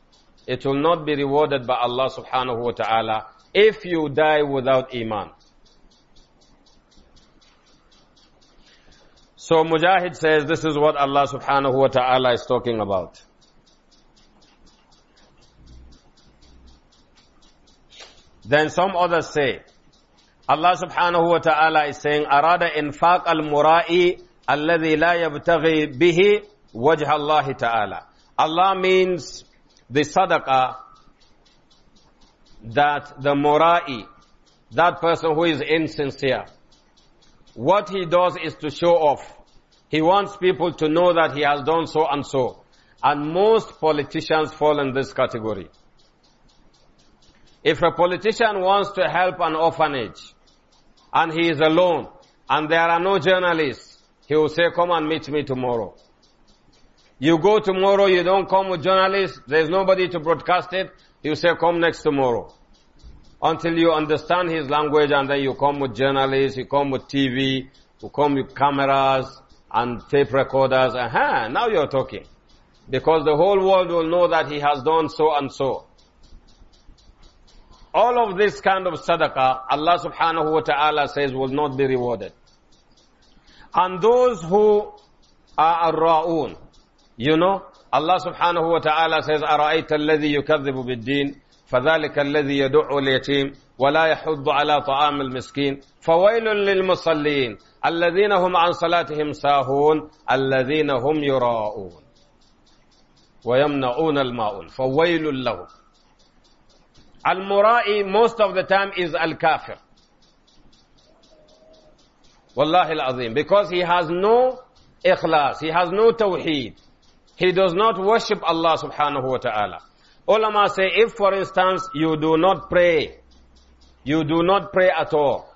It will not be rewarded by Allah subhanahu wa ta'ala if you die without iman. So Mujahid says this is what Allah subhanahu wa ta'ala is talking about. Then some others say, Allah subhanahu wa ta'ala is saying, Arada إنفاق المرائي al لا la به وجه الله تعالى. Allah means the sadaqah that the murai, that person who is insincere, what he does is to show off. He wants people to know that he has done so and so. And most politicians fall in this category. If a politician wants to help an orphanage and he is alone and there are no journalists, he will say, come and meet me tomorrow. You go tomorrow, you don't come with journalists, there's nobody to broadcast it, you say, come next tomorrow until you understand his language and then you come with journalists, you come with TV, you come with cameras and tape recorders. Aha, now you're talking. Because the whole world will know that he has done so and so. All of this kind of sadaqah, Allah subhanahu wa ta'ala says will not be rewarded. And those who are ar-ra'un, you know, Allah subhanahu wa ta'ala says, أَرَأَيْتَ الَّذِي يُكَذِّبُ بِالدِّينِ فذلك الذي يدع اليتيم ولا يحض على طعام المسكين فويل للمصلين الذين هم عن صلاتهم ساهون الذين هم يراءون ويمنعون الماء فويل لهم المرائي most of the time is al-kafir والله العظيم because he has no ikhlas he has no tawheed he does not worship Allah subhanahu wa ta'ala Ulama say, if for instance you do not pray, you do not pray at all,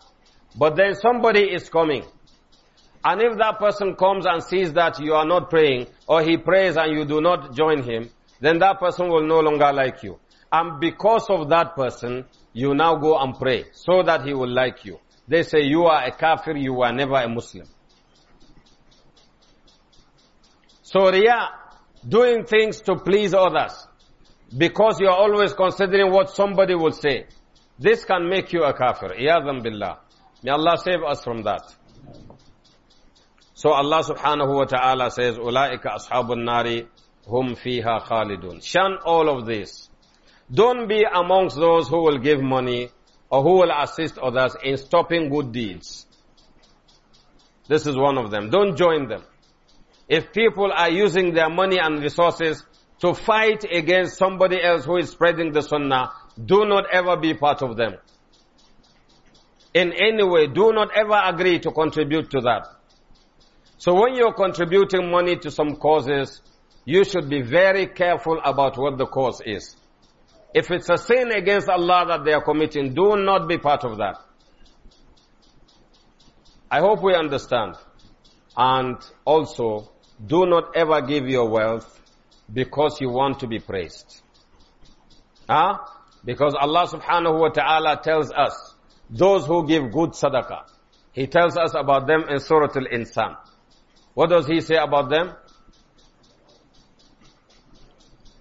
but then somebody is coming, and if that person comes and sees that you are not praying, or he prays and you do not join him, then that person will no longer like you. And because of that person, you now go and pray, so that he will like you. They say, you are a kafir, you were never a Muslim. So Riyah, doing things to please others, because you are always considering what somebody will say. This can make you a kafir. Iyadhan billah. May Allah save us from that. So Allah subhanahu wa ta'ala says, Ulaika ashabun nari hum fiha خَالِدُونَ Shun all of this. Don't be amongst those who will give money or who will assist others in stopping good deeds. This is one of them. Don't join them. If people are using their money and resources to fight against somebody else who is spreading the sunnah, do not ever be part of them. In any way, do not ever agree to contribute to that. So when you're contributing money to some causes, you should be very careful about what the cause is. If it's a sin against Allah that they are committing, do not be part of that. I hope we understand. And also, do not ever give your wealth because you want to be praised. Huh? Because Allah subhanahu wa ta'ala tells us, those who give good sadaqah, He tells us about them in Surah Al-Insan. What does He say about them?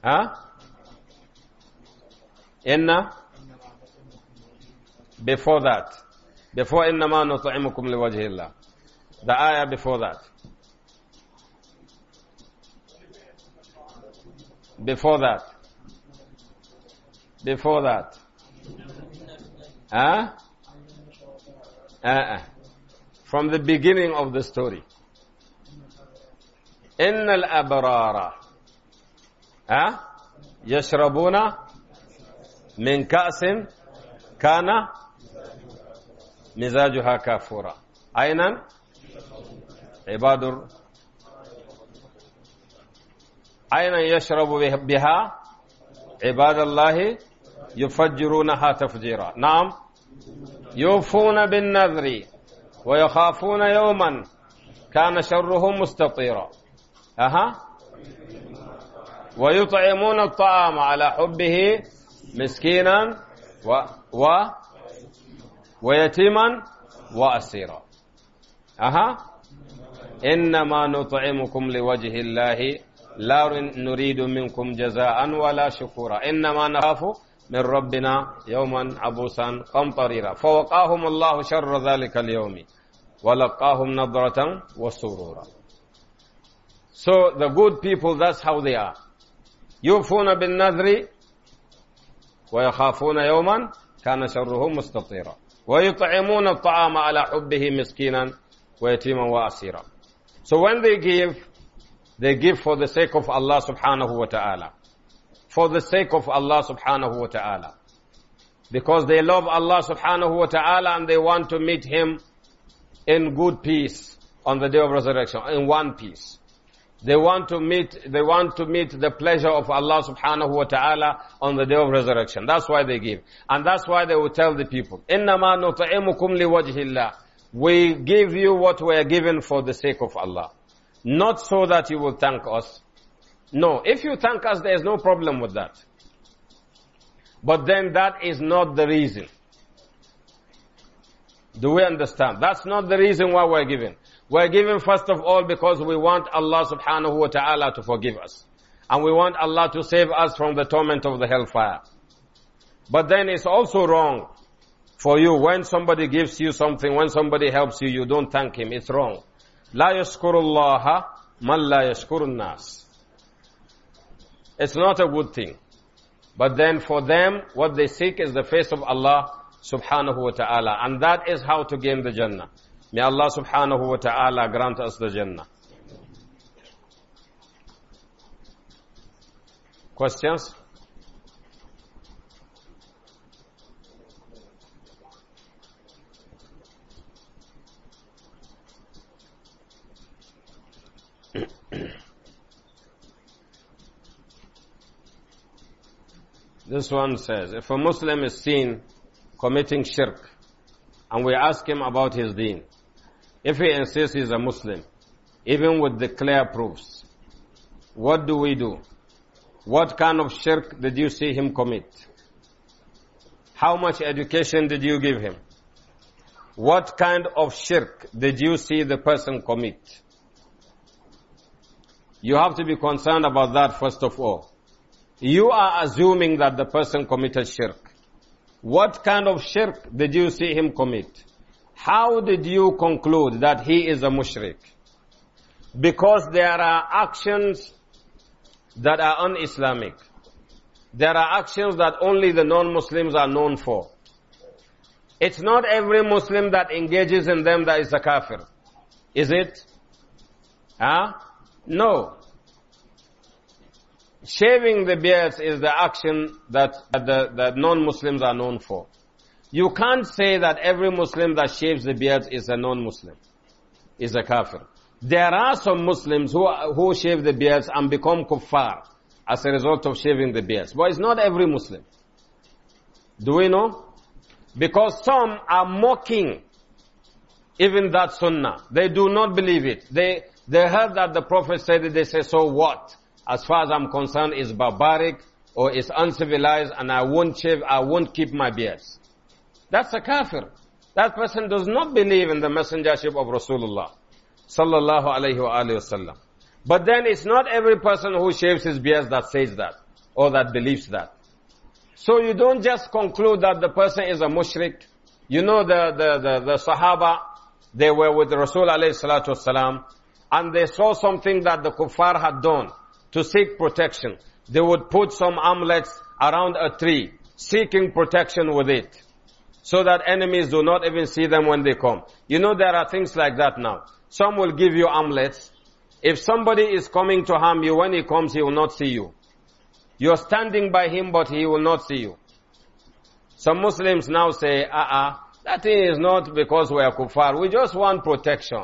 Huh? Inna? Before that. Before إِنَّمَا نُطْعِمُكُمْ لِوَجْهِ اللَّهِ The ayah before that. Before that. Before that. Huh? Uh-uh. From the beginning of the story. إن الأبرار أه؟ يشربون من كأس كان مزاجها كافورا أين عباد عينا يشرب بها عباد الله يفجرونها تفجيرا نعم يوفون بالنذر ويخافون يوما كان شره مستطيرا أها ويطعمون الطعام على حبه مسكينا و, و ويتيما وأسيرا أها إنما نطعمكم لوجه الله لا نريد منكم جزاء ولا شكورا إنما نخاف من ربنا يوما عبوسا قمطريرا فوقاهم الله شر ذلك اليوم ولقاهم نظرة وسرورا So the good people, that's how they are. يوفون بالنذر ويخافون يوما كان شره مستطيرا ويطعمون الطعام على حبه مسكينا ويتيما واسيرا So when they give They give for the sake of Allah subhanahu wa ta'ala. For the sake of Allah subhanahu wa ta'ala. Because they love Allah subhanahu wa ta'ala and they want to meet Him in good peace on the day of resurrection, in one piece. They want to meet, they want to meet the pleasure of Allah subhanahu wa ta'ala on the day of resurrection. That's why they give. And that's why they will tell the people, إِنَّمَا نُطَعِمُكُمْ لِوَجْهِ اللَّهِ We give you what we are given for the sake of Allah. Not so that you will thank us. No, if you thank us, there is no problem with that. But then that is not the reason. Do we understand? That's not the reason why we're giving. We're giving first of all because we want Allah subhanahu wa ta'ala to forgive us. And we want Allah to save us from the torment of the hellfire. But then it's also wrong for you when somebody gives you something, when somebody helps you, you don't thank him. It's wrong. يشكر الله man لا يشكر الناس. It's not a good thing. But then for them, what they seek is the face of Allah subhanahu wa ta'ala. And that is how to gain the Jannah. May Allah subhanahu wa ta'ala grant us the Jannah. Questions? this one says, if a Muslim is seen committing shirk, and we ask him about his deen, if he insists he's a Muslim, even with the clear proofs, what do we do? What kind of shirk did you see him commit? How much education did you give him? What kind of shirk did you see the person commit? You have to be concerned about that first of all. You are assuming that the person committed shirk. What kind of shirk did you see him commit? How did you conclude that he is a mushrik? Because there are actions that are un-Islamic. There are actions that only the non-Muslims are known for. It's not every Muslim that engages in them that is a kafir. Is it? Ah? Huh? No. Shaving the beards is the action that, that the, that non-Muslims are known for. You can't say that every Muslim that shaves the beard is a non-Muslim, is a kafir. There are some Muslims who, who shave the beards and become kuffar as a result of shaving the beards. But it's not every Muslim. Do we know? Because some are mocking even that sunnah. They do not believe it. They, they heard that the Prophet said it, they say, so what? As far as I'm concerned, it's barbaric or it's uncivilized and I won't shave, I won't keep my beards. That's a kafir. That person does not believe in the messengership of Rasulullah. Sallallahu alayhi wa But then it's not every person who shaves his beard that says that or that believes that. So you don't just conclude that the person is a mushrik. You know the, the, the, the Sahaba, they were with Rasul alayhi salatu and they saw something that the kuffar had done to seek protection, they would put some amulets around a tree, seeking protection with it, so that enemies do not even see them when they come. You know there are things like that now. Some will give you amulets. If somebody is coming to harm you, when he comes, he will not see you. You're standing by him, but he will not see you. Some Muslims now say, uh-uh, that thing is not because we are kuffar. We just want protection.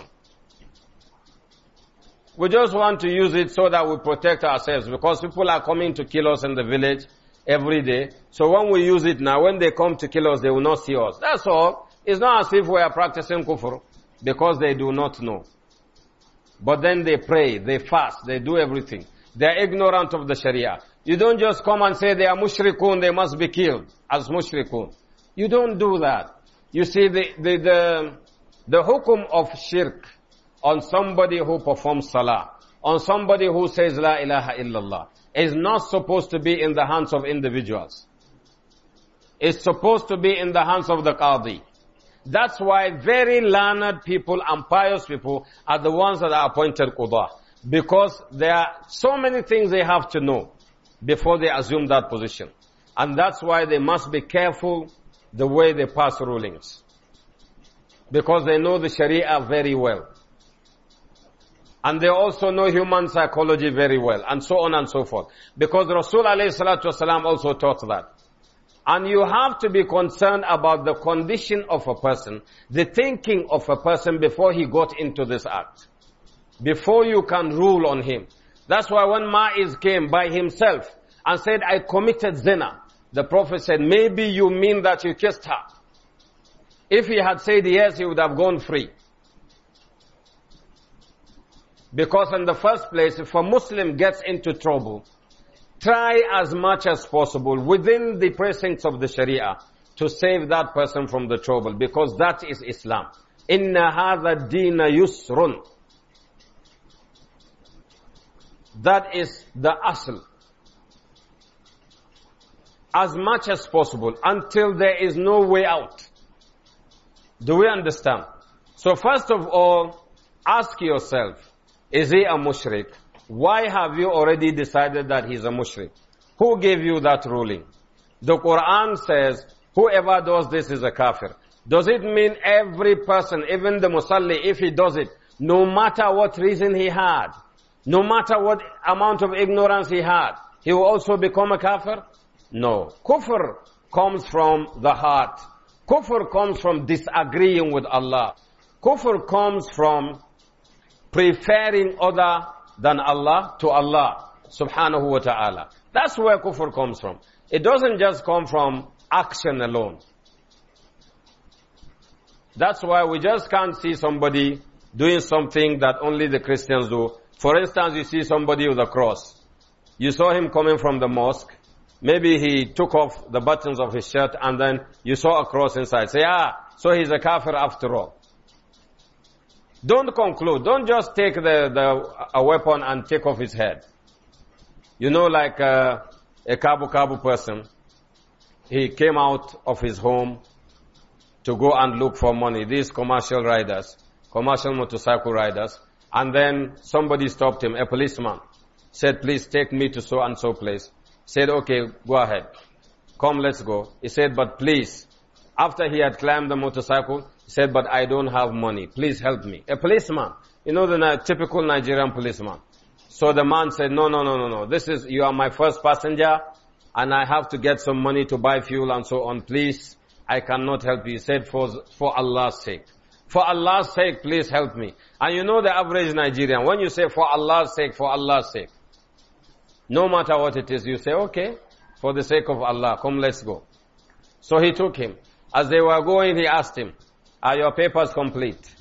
We just want to use it so that we protect ourselves because people are coming to kill us in the village every day. So when we use it now, when they come to kill us, they will not see us. That's all. It's not as if we are practicing kufr because they do not know. But then they pray, they fast, they do everything. They're ignorant of the Sharia. You don't just come and say they are mushrikun, they must be killed as mushrikun. You don't do that. You see, the, the, the, the hukum of shirk on somebody who performs salah, on somebody who says la ilaha illallah, is not supposed to be in the hands of individuals. It's supposed to be in the hands of the qadi. That's why very learned people and pious people are the ones that are appointed qudah. Because there are so many things they have to know before they assume that position. And that's why they must be careful the way they pass rulings. Because they know the Sharia very well. And they also know human psychology very well, and so on and so forth. Because Rasul والسلام, also taught that. And you have to be concerned about the condition of a person, the thinking of a person before he got into this act. Before you can rule on him. That's why when Ma'iz came by himself and said, I committed zina, the Prophet said, maybe you mean that you kissed her. If he had said yes, he would have gone free. Because in the first place, if a Muslim gets into trouble, try as much as possible within the precincts of the Sharia to save that person from the trouble because that is Islam. Inna hadha dina yusrun. That is the asl. As much as possible until there is no way out. Do we understand? So first of all, ask yourself, is he a mushrik? Why have you already decided that he's a mushrik? Who gave you that ruling? The Quran says, whoever does this is a kafir. Does it mean every person, even the musalli, if he does it, no matter what reason he had, no matter what amount of ignorance he had, he will also become a kafir? No. Kufr comes from the heart. Kufr comes from disagreeing with Allah. Kufr comes from preferring other than Allah to Allah subhanahu wa ta'ala. That's where kufr comes from. It doesn't just come from action alone. That's why we just can't see somebody doing something that only the Christians do. For instance, you see somebody with a cross. You saw him coming from the mosque. Maybe he took off the buttons of his shirt and then you saw a cross inside. Say, ah, so he's a kafir after all. Don't conclude. Don't just take the, the a weapon and take off his head. You know, like uh, a Kabu Kabu person, he came out of his home to go and look for money. These commercial riders, commercial motorcycle riders, and then somebody stopped him, a policeman, said, please take me to so and so place. Said, okay, go ahead. Come, let's go. He said, but please, after he had climbed the motorcycle, he said, but I don't have money. Please help me. A policeman. You know the typical Nigerian policeman. So the man said, no, no, no, no, no. This is, you are my first passenger and I have to get some money to buy fuel and so on. Please, I cannot help you. He said, for, for Allah's sake. For Allah's sake, please help me. And you know the average Nigerian, when you say for Allah's sake, for Allah's sake, no matter what it is, you say, okay, for the sake of Allah, come let's go. So he took him. As they were going, he asked him, are your papers complete?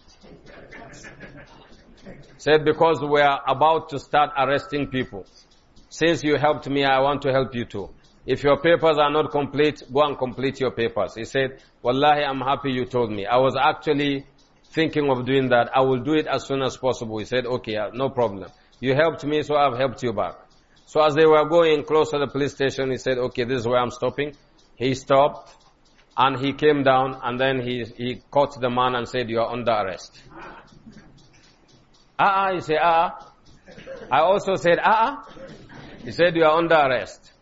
Said, because we are about to start arresting people. Since you helped me, I want to help you too. If your papers are not complete, go and complete your papers. He said, Wallahi, I'm happy you told me. I was actually thinking of doing that. I will do it as soon as possible. He said, okay, uh, no problem. You helped me, so I've helped you back. So as they were going close to the police station, he said, okay, this is where I'm stopping. He stopped and he came down and then he, he caught the man and said, you are under arrest. Ah, ah, he said, ah. ah. I also said, ah, ah. He said, you are under arrest.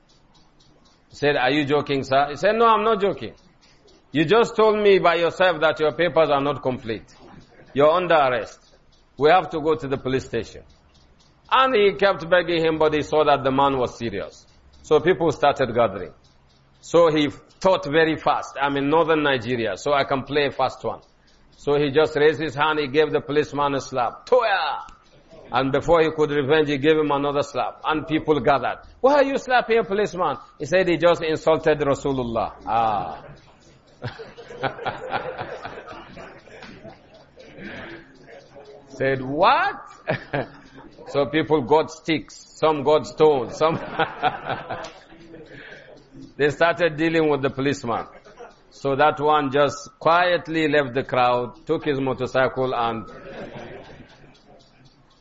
He said, are you joking, sir? He said, no, I'm not joking. You just told me by yourself that your papers are not complete. You're under arrest. We have to go to the police station. And he kept begging him, but he saw that the man was serious. So people started gathering. So he thought very fast. I'm in northern Nigeria, so I can play fast one. So he just raised his hand, he gave the policeman a slap. Toya! And before he could revenge, he gave him another slap. And people gathered. Why are you slapping a policeman? He said he just insulted Rasulullah. Ah. said, what? so people got sticks, some got stones, some... They started dealing with the policeman. So that one just quietly left the crowd, took his motorcycle and...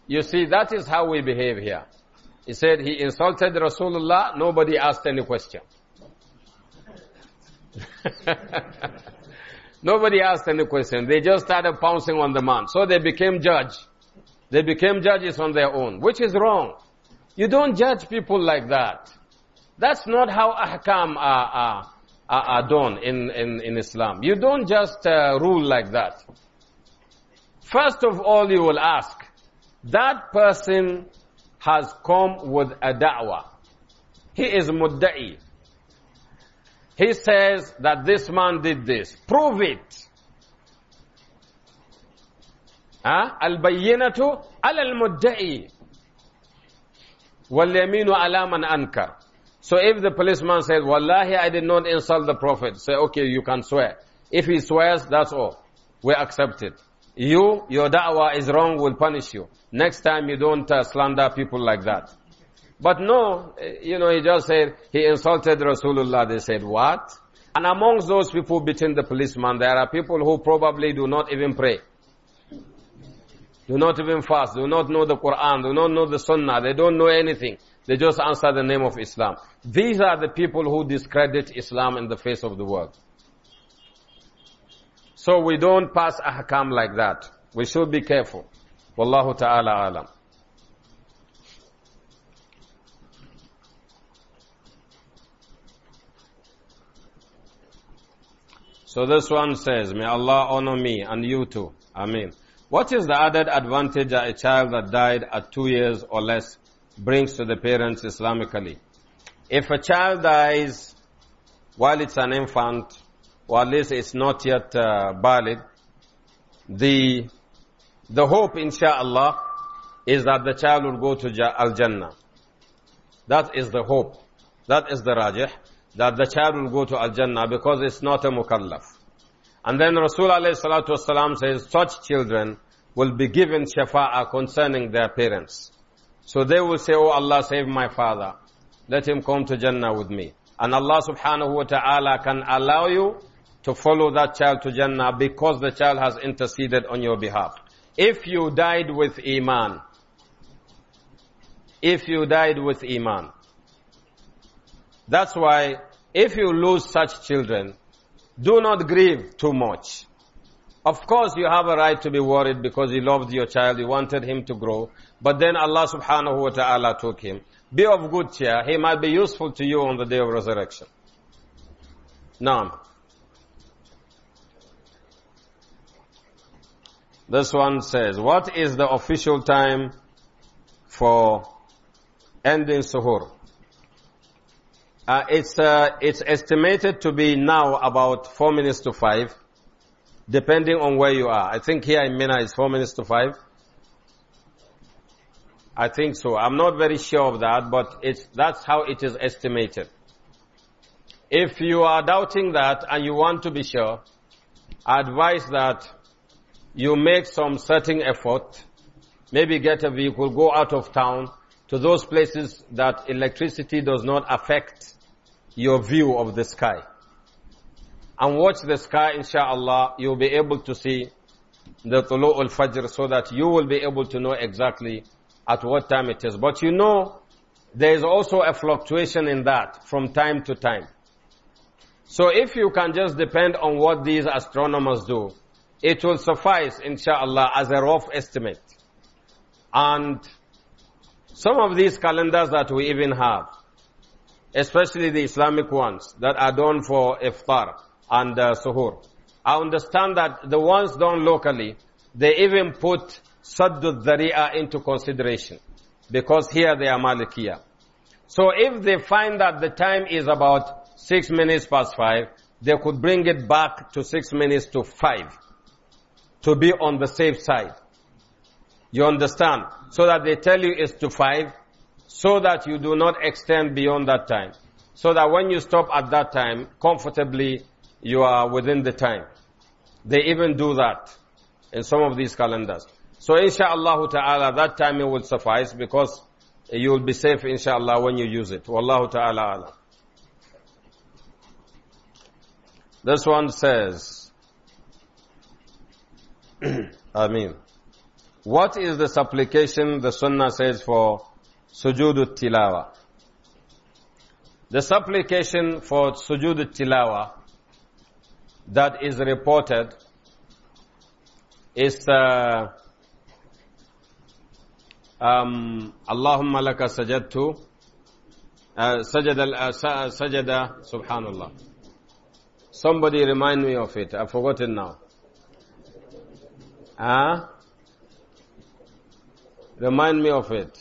You see, that is how we behave here. He said he insulted Rasulullah, nobody asked any question. nobody asked any question. They just started pouncing on the man. So they became judge. They became judges on their own, which is wrong. You don't judge people like that. That's not how ahkam are, are, are done in, in, in Islam. You don't just uh, rule like that. First of all, you will ask, that person has come with a da'wah. He is mudda'i. He says that this man did this. Prove it. Al-bayyinatu ala al-mudda'i. Wal-yaminu ala man ankar. So if the policeman says, Wallahi, I did not insult the Prophet, say, okay, you can swear. If he swears, that's all. We accept it. You, your da'wah is wrong, we'll punish you. Next time you don't uh, slander people like that. But no, eh, you know, he just said, he insulted Rasulullah. They said, what? And amongst those people beating the policeman, there are people who probably do not even pray. Do not even fast, do not know the Quran, do not know the Sunnah, they don't know anything. They just answer the name of Islam. These are the people who discredit Islam in the face of the world. So we don't pass ahkam like that. We should be careful. Wallahu ta'ala alam. So this one says, May Allah honor me and you too. Ameen. What is the added advantage of a child that died at two years or less brings to the parents Islamically. If a child dies while it's an infant, or at least it's not yet uh, valid, the, the hope, insha'Allah, is that the child will go to Al-Jannah. That is the hope. That is the rajih, that the child will go to Al-Jannah because it's not a mukallaf. And then Rasulullah alayhi says, such children will be given shafa'a concerning their parents. So they will say, Oh Allah, save my father. Let him come to Jannah with me. And Allah subhanahu wa ta'ala can allow you to follow that child to Jannah because the child has interceded on your behalf. If you died with Iman, if you died with Iman, that's why if you lose such children, do not grieve too much. Of course you have a right to be worried because you loved your child, you wanted him to grow, but then Allah subhanahu wa ta'ala took him. Be of good cheer. He might be useful to you on the day of resurrection. Now, this one says, what is the official time for ending suhoor? Uh, it's, uh, it's estimated to be now about four minutes to five, depending on where you are. I think here in Mina it's four minutes to five. I think so. I'm not very sure of that, but it's, that's how it is estimated. If you are doubting that and you want to be sure, I advise that you make some certain effort, maybe get a vehicle, go out of town to those places that electricity does not affect your view of the sky. And watch the sky, inshallah, you'll be able to see the tulu al-fajr so that you will be able to know exactly at what time it is. But you know, there is also a fluctuation in that from time to time. So if you can just depend on what these astronomers do, it will suffice, inshallah, as a rough estimate. And some of these calendars that we even have, especially the Islamic ones that are done for iftar and uh, suhoor, I understand that the ones done locally, they even put saddu Dhari'ah into consideration. Because here they are Malikiya. So if they find that the time is about 6 minutes past 5, they could bring it back to 6 minutes to 5 to be on the safe side. You understand? So that they tell you it's to 5 so that you do not extend beyond that time. So that when you stop at that time, comfortably you are within the time. They even do that in some of these calendars. So insha'Allah ta'ala, that time it will suffice because you will be safe insha'Allah when you use it. Wallahu ta'ala This one says, I mean, what is the supplication the sunnah says for sujood tilawa? The supplication for sujood tilawa that is reported is uh, um, اللهم لك سجدت uh, سجد uh, سجد سبحان الله somebody remind me of it I've forgotten now huh? remind me of it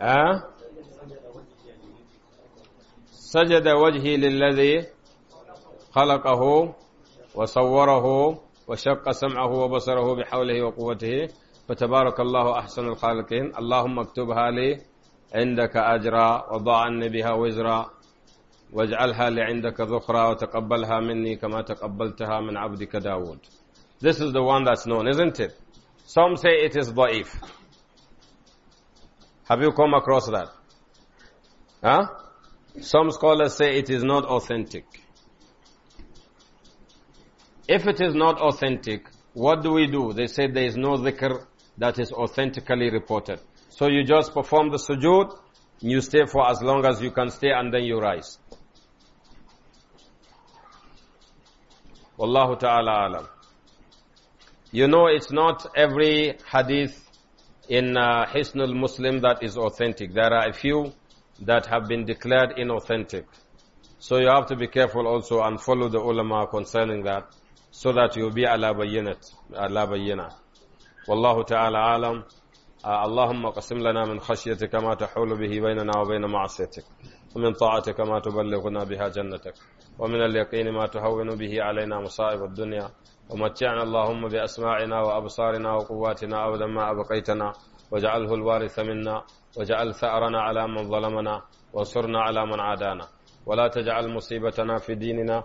huh? سجد وجهي للذي خلقه وصوره وشق سمعه وبصره بحوله وقوته فتبارك الله أحسن الخالقين اللهم اكتبها لي عندك أجرا وضع بها وزرا واجعلها لي عندك ذخرا وتقبلها مني كما تقبلتها من عبدك داود This is the one that's known, isn't it? Some say it is ضعيف Have you come across that? Huh? Some scholars say it is not authentic. If it is not authentic, what do we do? They said there is no dhikr that is authentically reported. So you just perform the sujood, you stay for as long as you can stay and then you rise. Wallahu ta'ala alam. You know it's not every hadith in uh, Hisnul Muslim that is authentic. There are a few that have been declared inauthentic. So you have to be careful also and follow the ulama concerning that. so that you'll be ala bayyinat wallahu ta'ala alam اللهم قسم لنا من خشيتك ما تحول به بيننا وبين معصيتك ومن طاعتك ما تبلغنا بها جنتك ومن اليقين ما تهون به علينا مصائب الدنيا ومتعنا اللهم بأسماعنا وأبصارنا وقواتنا أبدا ما أبقيتنا واجعله الوارث منا واجعل ثأرنا على من ظلمنا وانصرنا على من عادانا ولا تجعل مصيبتنا في ديننا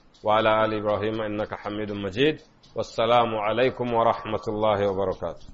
وعلى آل إبراهيم إنك حميد مجيد والسلام عليكم ورحمة الله وبركاته